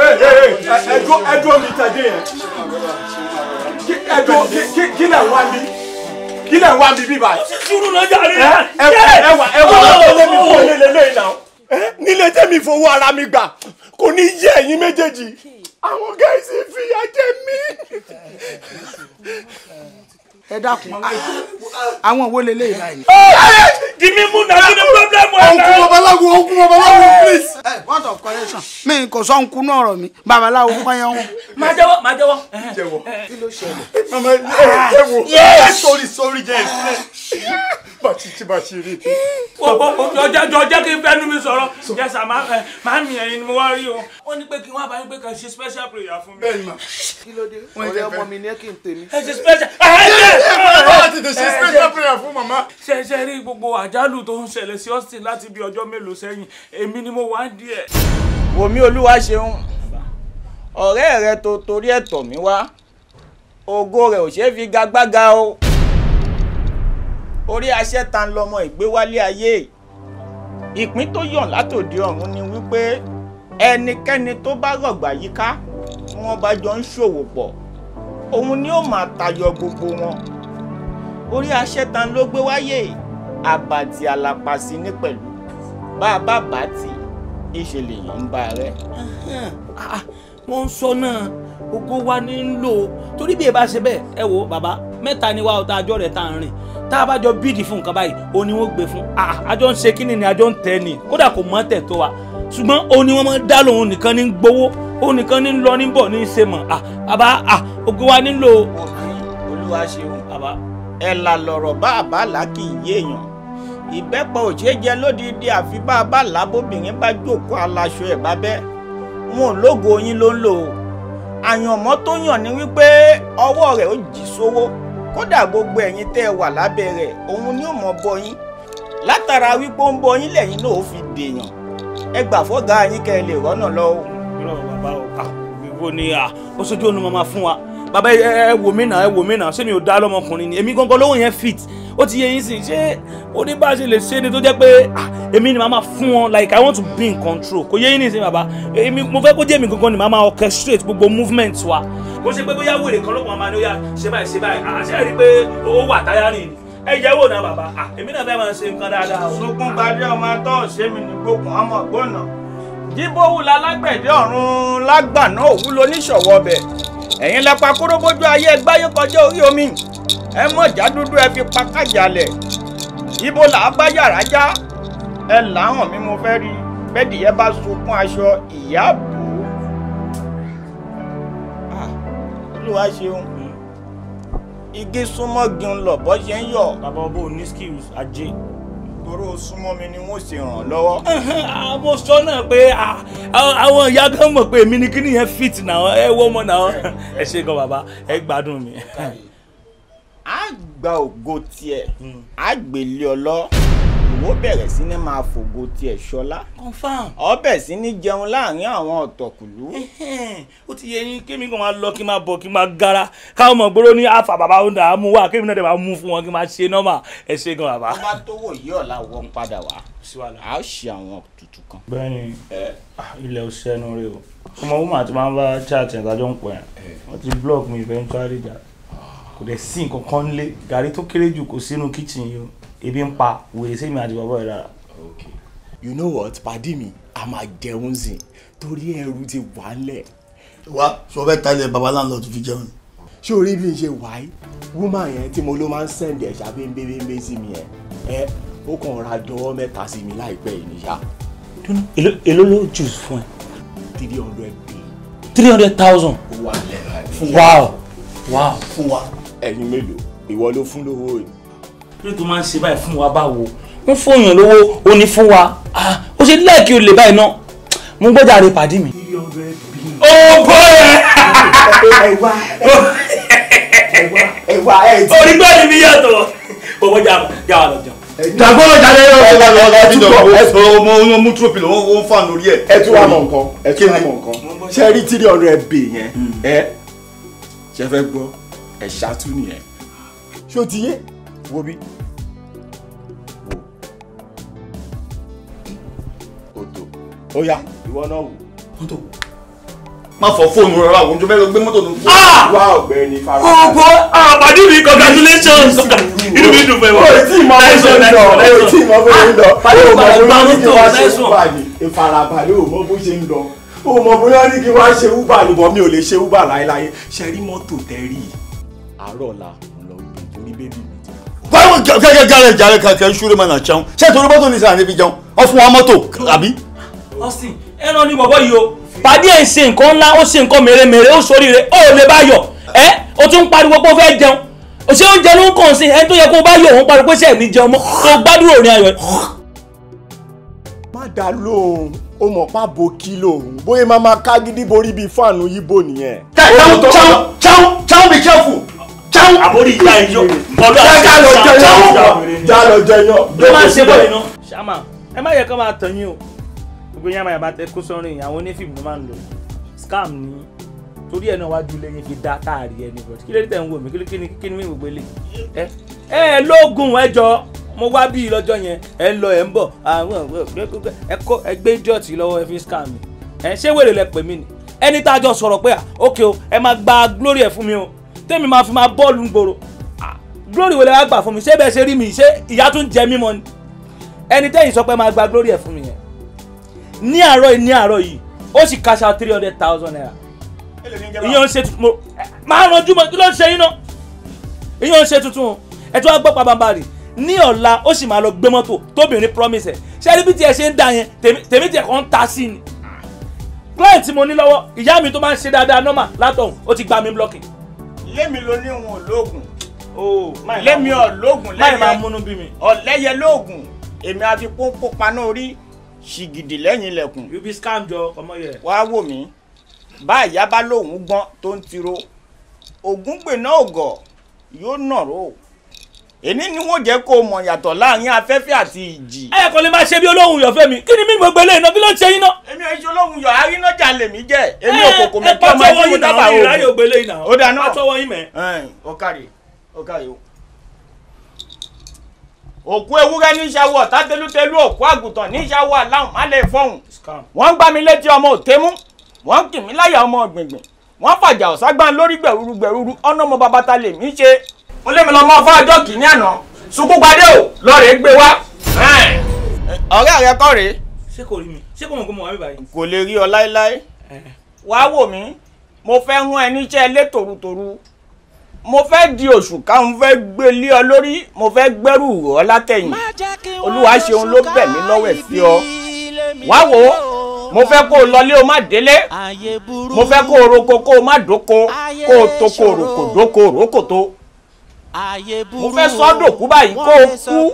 Hey hey hey! ẹdúró ẹdúró mi tàdé yẹn ẹdúró kí lẹ̀ wá mi kí lẹ̀ wá mi bí báyìí. sùúrù náà jà rí ẹ ẹ wà ẹ wà lọ́wọ́ mi fún ilé lélẹ́yìn náà. nílé tẹ́mi fowó ara mi gbà kò ní yé ẹ̀yin méjèèjì àwọn gáìsì fìyà jẹ mí ẹ dákun àwọn wo lè lè ra yìí. gimi mu na kí ni problem wa náà. okun babaláwo okun babaláwo please. ẹ wọ́n tọ̀ correction mi kò sọ nkun náà ọ̀rọ̀ mi babaláwo kọ́yẹ́ wọn. máa jẹ́wọ́ máa jẹ́wọ́. jẹ́wọ́ eh, eh. kí ló ṣẹlẹ̀. mama ẹ eh, ah, jẹ́wọ́ ẹ sọrí sọrí jẹ́ ẹ bàtí tí bàtí rí. ọjọ́ ọjọ́ kí n fẹ́ nu mi sọ̀rọ̀ jẹ́sà máa mi ẹ̀yin ni mo wá rí o. ó ní pé kí wọ́n abáyé pé kàn ṣe special prayer fún mi. bẹ́ẹ̀ ni ma. kí ló dé ọ̀rẹ́ ọmọ mi ni ẹ kì í tèmi. ẹ ṣe special ṣe ṣe rí gbogbo àjálù tó ń ṣẹlẹ̀ sí Austin láti bí ọjọ́ mélòó sẹ́yìn èmi ni mo wá ń díẹ̀. wòmí olúwa ṣeun ọ̀rẹ́ rẹ tó torí ẹ̀tọ́ mi wá ògo rẹ̀ ò ṣeé fi gagbága o orí aṣẹ́ ta ń lọmọ ìgbé ayé ìpín tó yàn látòdì ọ̀run ni wípé ẹnikẹ́ni tó bá rọ̀gbà yíká wọn bá jọ ń ṣòwò pọ̀ òun ni ó máa tayọ gbogbo wọn orí aṣẹ́tan ló gbé wáyé àbàtì àlàpàsí ní pẹ̀lú bá a bá bá tì ìṣẹ̀lẹ̀ yìí ń bá rẹ̀. wọ́n ń sọ náà gbogbo wa ní ń lò ó torí bí ẹ bá ṣe bẹ́ẹ̀ ẹ wo bàbá mẹ́ta ni wa ọ̀tá àjọ rẹ̀ tá à ń rìn tá a bá jọ bíìdì fún nǹkan báyìí o ni wọ́n gbé fún àjọ ah, ń ṣe kí ni ni àjọ ń tẹ́ ni kódà kò mọ́ tẹ̀ tó wa ṣùgbọ́n o ni wọ́n máa ń dá lòun nìkan ní gbowó òun nìkan ní lọ ní bọ̀ ní ṣe mọ̀ àbá ògo wa nílò. olúwa ṣeun àbá. ẹ là lọ̀rọ̀ bá àbá là kì í yé èèyàn ìbẹ́pọ̀ òṣèjẹ lódìdí àfi bá a bá là bóbìnrin bá jókòó aláṣọ ẹ̀ bá bẹ́ẹ̀ wọn ò lógo yín ló ń lò ó àyànmọ́ tó yàn ni wípé ọwọ́ rẹ̀ ó jì sówó kódà gbogbo ẹ̀yin tẹ́ ẹ wà lábẹ́ rẹ̀ òun ni ó mọ̀ bọ yín látara wípé ó ń bọ yín lẹ́yìn náà ó fi dèèyàn ẹ gbà fọ́gà yín kẹ́ ẹ lè rọ́nà lọ́wọ́ bàbá ah, ah, ẹ wò mí náà ẹ wò mí náà ṣé mi ò dá lọ́mọkùnrin ni èmi gangan lóhùn yẹn fit ó ti yẹ yín sìn ṣé oníbàṣe lè ṣe ni tó jẹ́ pé ah, èmi ni màá máa fún wọn like i want to be in control kò yẹ yín nìsín bàbá èmi mo fẹ́ kó jẹ́ èmi gangan ni màá máa orchestrate gbogbo movement wa kó ṣe pé bóyá wèrè kan lọ́kùnrin máa ní ó yà ṣe báyìí ṣe báyìí àṣẹ rí pé owó wà táyà rìn ẹ jẹ́ wò náà bàbá èmi náà fẹ́ máa ṣe nǹkan dáadáa jíbówù lálágbẹ̀dẹ ọ̀run lágbàná òwú lóníṣọ̀wọ́ ọbẹ̀ ẹ̀yin lẹ́pa kóróbójú ayé ẹgbáyé kọjá orí omi ẹ mọ̀já dúdú ẹ fi pa kájàlẹ̀ ibo là á bá yàrá já ẹ làwọn mi mo fẹ́ rí bẹ́ẹ̀dìyẹ bá sunkún aṣọ ìyá bò ó ah, olúwa ṣeun igi súnmọ́ gíun lọ̀bọ́ ṣe ń yọ̀. bàbá ọbọ̀ ní skills ajé torí o súnmọ́ mi ni wọ́n ṣe ràn lọ́wọ́. mo sọ náà pé àwọn ìyá kan mọ̀ pé èmi ni kíni yẹn fit náà ẹ wọ́ ọmọ náà ẹ ṣe gan bàbá ẹ gbádùn mi. a gba ògo tiẹ̀ a gbèlè ọlọ́ ìwọ bẹ̀rẹ̀ sí ní máa fògo tiẹ̀ ṣọlá. confam. ọbẹ̀ sí ní jẹun láàrin àwọn ọ̀tọ̀kùlú. ó ti yẹ yín kémi kan máa lọ kí n máa bọ̀ kí n máa gara káwọn ọmọ gbóró ní àfà bàbá oúnjẹ àmú wa kémi náà dẹ̀ máa mú fún wọn kí n máa ṣe nọ́mà ẹ ṣe gan bàbá. tó bá tó wò yí ọ̀la wọ́n padà wá a ó ṣe àwọn tuntun kan. bẹ́ẹ̀ni ah, ilẹ̀ ò sẹ́nu rẹ o ọmọ woman ti máa ń block mi eventually kò dẹ̀ sí nǹkan kan lé gàrí tó kéré jù kò sínú kitchen yìí o ebi ń pa wèrè sẹ́mi àti bàbá rẹ̀ rárá. you know what pàdí mi a máa jẹun sí i torí ẹrù ti wà á lẹ̀. wá sọ fẹ́ ta ilẹ̀ babaláwo lọ tó fi jẹun ṣé orí bí n ṣe wáyé woman yẹn tí mo ló máa ń sẹ́ndì ẹ̀ṣà bẹ́ẹ̀bẹ́ẹ́bẹ́ sí mi yẹn ẹ ó kàn ra jọwọ́ mẹ́ta sí mi láìpẹ́ yìí níyà. èló ló jù fún ẹ. three hundred bíi. three hundred thousand. wà á lẹ́nu wow wow. fún wa ẹ̀yin mélòó ìwọ ló fún lówó yìí kí ló tó máa ń ṣe báyìí fún wa báwo ń fòyàn lówó ó ní fún wa ah, ó ṣe láìkí olè báyìí náà mo gbọ́dọ̀ àrè pàdé mi. ó oh, bọ́ ẹ. ẹ̀wá ẹ̀wá ẹ̀wá. onígbàdì mi yàtọ̀ bọ́bọ́ jà jà wà lọ́jọ́. dàgbọ́ jàdé yóò ṣe wà lọ́wọ́ láti dọ̀ ẹ̀sọ́ ọmọ oyún mú túròpì lọ́wọ́ ó ń fà lórí ẹ̀. ẹ tún wà mọ̀ nǹkan ẹ tún wà mọ̀ nǹkan ṣe rí tírí ọ̀rọ̀ ẹ bè yẹn hmm. ẹ ṣe fẹ́ gbọ́ ẹ̀ ṣàtúnyẹn ṣó ti yé wo bí wo kòtò ó yá ìwọ náà wò. kòtò má fọ fóònù rẹ wá òun tó bẹ́ẹ̀ lọ gbé mọ́tò tó fún un. Ah! wá ọ̀gbẹ́ni fara. gbogbo ah, mi congratulations inú mi dùn fẹ́ wá. o tí mo fẹ́ ń lọ o tí mo fẹ́ ń lọ o ah, mọ̀ bóyá ní kí wọ́n ṣe wúbà ní ìfarabalẹ̀ o mọ̀ bó ṣe ń lọ o mọ̀ bóyá ní kí wọ́n ṣe wúbà ní bọ́ mi ò lè ṣe wúbà láéláé ṣe rí mọ́tò tẹ́rì àárọ̀ la kẹ́kẹ́ gàrẹ́ jàre kankan ṣúré máa nà jẹun ṣé torí mọ́tò ní níbi jẹun ọ wa mọ́tò àbí. Austin ẹran ni bọ̀bọ̀ yìí o. pàdé ẹ̀ ṣe nǹkan ńlá ó ṣe nǹkan mèremère ó ṣoríire ó lè bá yọ ẹ o tún pariwo pé o fẹ́ jẹun o ṣe oúnjẹ ló ń kàn sí ẹni tó yẹ kó o bá yọ òun pariwo pé ṣe ní jẹun mọ́ tó gbádùn òní ayọ̀. má dá lóhùn o mọ̀ pa bo kí lòun bóyá máa máa ká gidi borí bíi fáànù yíbo nìyẹn. tẹ́lẹ̀ cháun cháun cháun be careful jáwó àbórí ìyá ẹyọ bọlú àti ìyá jáwó jálọ jẹyọ ló máa ń ṣe bọ́ọ̀lù náà. ṣáma ẹ má yẹ kó máa tàn yín o gbogbo yàrá yàrá tẹ kó sọrin àwọn onífìmù ló máa ń lò scam ni torí ẹ náà wájú lẹ́yìn fi dá táàrí ẹni bọ̀ kí ló dé tẹ̀ ń wò mí kí ni kí ni mí gbogbo ilé ẹ ẹ lóògùn ẹ jọ mo wá bí lọ́jọ́ yẹn ẹ ń lọ ẹ ń bọ̀ ẹ kó ẹ gbé jọ́ọ̀tì lọ́wọ́ ẹ fi scam mi ẹ ṣé wèrè lẹ pè mí ni ẹni tá a jọ sọ̀rọ̀ pé à ókè o ẹ máa gba glory ẹ fún mi o tèmi máa fi máa bọ́ọ̀lù ń gbòòrò ah, glory wo lè wá gbà fún mi ṣé bẹ́ẹ̀ ṣe rí mi ṣé ìyá tún jẹ mímọ́ ni ẹni tẹ́yìn sọ pé máa gba glory ẹ̀ fún mi yẹn ní àárọ̀ yìí ní àárọ̀ yìí ó sì kàṣà three hundred thousand naira ìyẹn ń ṣe tuntun máa ranjú mọ́ kí ló ń ṣe yín náà ìyẹn ń ṣe tuntun ẹ tí wọ́n gbọ́ pabambarì ní ọ̀la ó sì máa lọ gbé mọ́tò tóbìnrin promise ẹ̀ ṣé ẹni bí tiẹ̀ ṣe ń dà yẹn tèmi tiẹ̀ kàn ń ta sí ni client tí mo ní lọ́wọ́ ìyá mi tó máa ń ṣe dáadáa normal látọ̀hún ó ti gba mi blocking lémi ló ní òun ológun lémi ológun lẹ́yẹ ọ̀lẹ́yẹ lóògùn èmi àfi pópó paná orí ṣìgìdì lẹ́yìn ilẹ̀kùn. you be scam jọ ọmọ yẹ. wàá wò mí báyà yaba lóun gbọ́n tó ń tiro ògúngbè náà ògọ̀ yóò nàró èní ni wọn jẹ kó mọ yàtọ̀ láàrin afẹ́fẹ́ àti ìjì. ẹ kò lè máa ṣe bí olóhùn yọ fẹmi kí ni mí gbogbo eléyìí náà kí ló ń ṣe yín náà. èmi ò ṣe olóhùn yọ arínájà lèmi jẹ èmi òkòkò mi kí ọmọ ẹni mi dábàá oògùn. ìráyè ògbélé yìí náà ó dáná àtọwọ yín mẹ. ọkàrí ọkàrí o. òkú ewúrẹ́ ní ìṣàwọ̀ tátẹ́lútẹ́lú òkú àgùntàn ní ìṣàwọ̀ aláhùn má lè fọ́hùn. wọ́n gbá mi létí ọmọ òtémú wọ́n kì mí láyà ọmọ gbìngbìn wọ́n fàjà ọ̀ságbá lórí gbẹ̀rúrú gbẹ̀rúrú ọ̀nà ọmọ babatá lèmi ṣe ó lé mi lọ mọ fún ọjọ́ kìíní àná sunkún gbadé o lọ́ọ̀rẹ́ gbé wá. ọ̀rẹ́ rẹ kọ́ rèé. ṣé kò rí mi ṣé kò mọ̀ pé mo wà mí báyìí. kò lè rí ọ láéláé. wàá wò mí mo fẹ́ rán ẹ níṣẹ́ lé tòrutòru mo fẹ́ di oṣù káwọn fẹ́ gbé lé ọ lórí mo fẹ́ gbẹ́rù ọ látẹ̀yìn olúwa ṣeun ló bẹ̀ mí lọ́wọ́ ẹ̀ sí ọ wá wò ó mo fẹ́ kó o lọlé o má délé mo fẹ́ kó o roko kó o má dóko kó o toko òròkò dóko òròkò mo fẹ́ sọ ọ́ báyìí kó o kú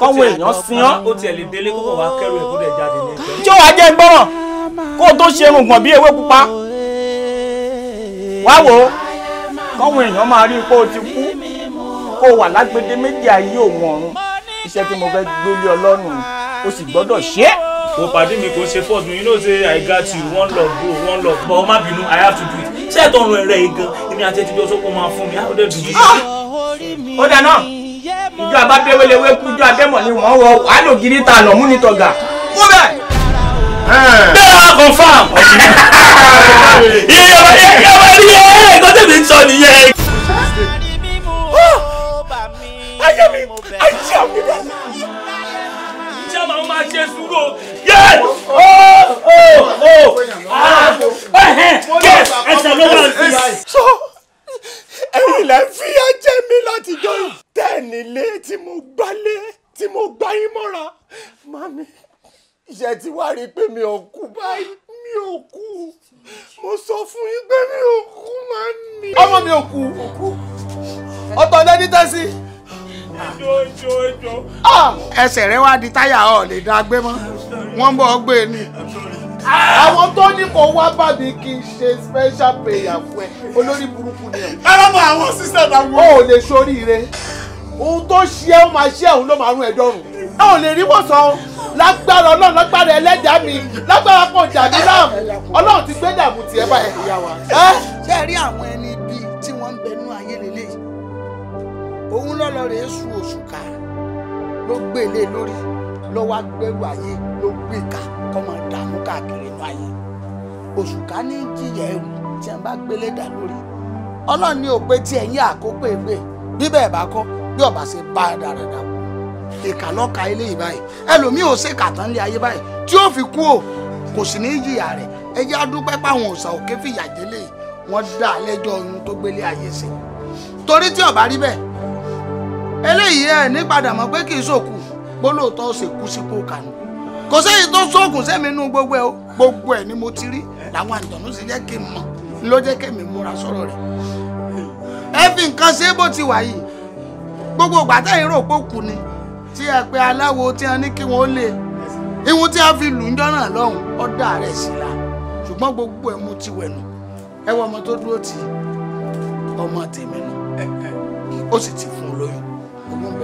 kọ́wọn èèyàn sin ọ́. ó tiẹ̀ lè délé kó wá kẹ́rù ẹ̀kú rẹ̀ jáde ní ìjọ. tí ó wàá jẹ́ gbọ́ràn kó o tó ṣe irùngbọ̀n bí ewé pupa wá wò ó èèyàn máa rí i pé o ti kú kó o wà lágbede méjì ayé òun ọ̀run iṣẹ́ tí mo fẹ́ gbélé ọlọ́run o sì gbọ́dọ̀ ṣe é. pàdé mi kò ṣe fọ́ọ̀dù yín ló ṣe i got you one love go one love ọ má bínú i have to do it ṣé ẹ̀tọ́ ọ̀run ẹ̀rẹ́ yìí gan èmi àti ẹtí jọ sókò máa fún mi á ó dùn ah! ó dáná ìjọ abábẹ́wẹ́lẹ́wẹ́ kú ìjọ abẹ́mọ̀ ni wọ́n wọ wàhálò gírí lọ mú ní tọ̀gà kú bẹ́ẹ̀. bẹ́ẹ̀ wá confam. ìyàwó ìyàwó ẹni yẹ ẹ̀kọ́ tẹ̀mí sọ nìyẹn. ayé mi ayé mi máa ṣe sùúrù o. yes o o o ẹsẹ̀ ló wà ní. so ẹ̀yin ilẹ̀ fìyà jẹ mí látijọ́ tẹ́ẹ̀nì lé tí mo gbálé tí mo gbá yín mọ́ra mami iṣẹ́ ti wá rí i pé mi ò kú báyìí mi ò kú mo sọ fún yín pé mi ò kú mami. ọmọ mi ò kú ọ̀tọ̀ ọ̀dẹ́ni tẹ́sí. Ah, ẹsẹ̀ rẹ wá di táyà ọ̀ lè dá gbé mọ́ wọ́n bọ̀ ọ́ gbé ni. àwọn tó ní kó wá bá kí n ṣe special prayer fún ẹ olórí burúkú ni ẹ. ẹ lọ́ mọ àwọn sísẹ́ náà wọ. o ò lè ṣoríire ohun tó ṣe ó máa ṣe òun ló máa rún ẹ̀dọ́rùn ẹ ò lè rí wòsàn lágbára ọlọ́run lágbára ẹlẹ́dàá mi lágbára kò dàbí láàmú ọlọ́run ti gbé dààmú tiẹ̀ báyìí. ẹ rí àwọn ẹni òun lọ́lọ́ rẹ̀ sùn oṣù ká ló gbé lé lórí lọ́wọ́ agbẹ́rù ayé ló gbé ká kọ́ máa dààmú káàkiri inú ayé oṣù ká ní jìyà ẹrù tí a bá gbélé dà lórí ọlọ́run ní òpé tí ẹ̀yìn àkópè gbé bíbẹ̀ bá kọ́ bí ṣe bá o kò sì ní ẹ adúpẹ́ páwọn òòṣà òkè fìyà jẹ́lẹ̀ wọ́n dá lẹ́jọ́ ohun tó gbélé ayé sí torí tí rí bẹ́ẹ̀ eléyìí ẹ̀ nípadà mọ̀ pé kì í sòkù gbólóòtọ́ ṣèkú sípò kànú kò sẹ́yìn tó sóògùn sẹ́mi inú gbogbo ẹ̀ o gbogbo ẹ̀ ni mo ti rí làwọn àǹtọ̀nù sì jẹ́ kí n mọ̀ ló jẹ́ kí mi múra sọ̀rọ̀ rẹ̀ ẹ fi nǹkan ṣe bó ti wà yìí gbogbo gbàtà ìró òpókù ni tí a pe aláwo tí a ní kí wọ́n lè ihun tí a fi lù ń jọ́nà lọ́hùn ọ̀dà rẹ̀ sì la ṣùgbọ́n gbogbo ẹ̀ mo ti wẹ̀nu ẹ wọ ọmọ tó dúró ti ọmọ tèmi ó sì ti fún un lóyún.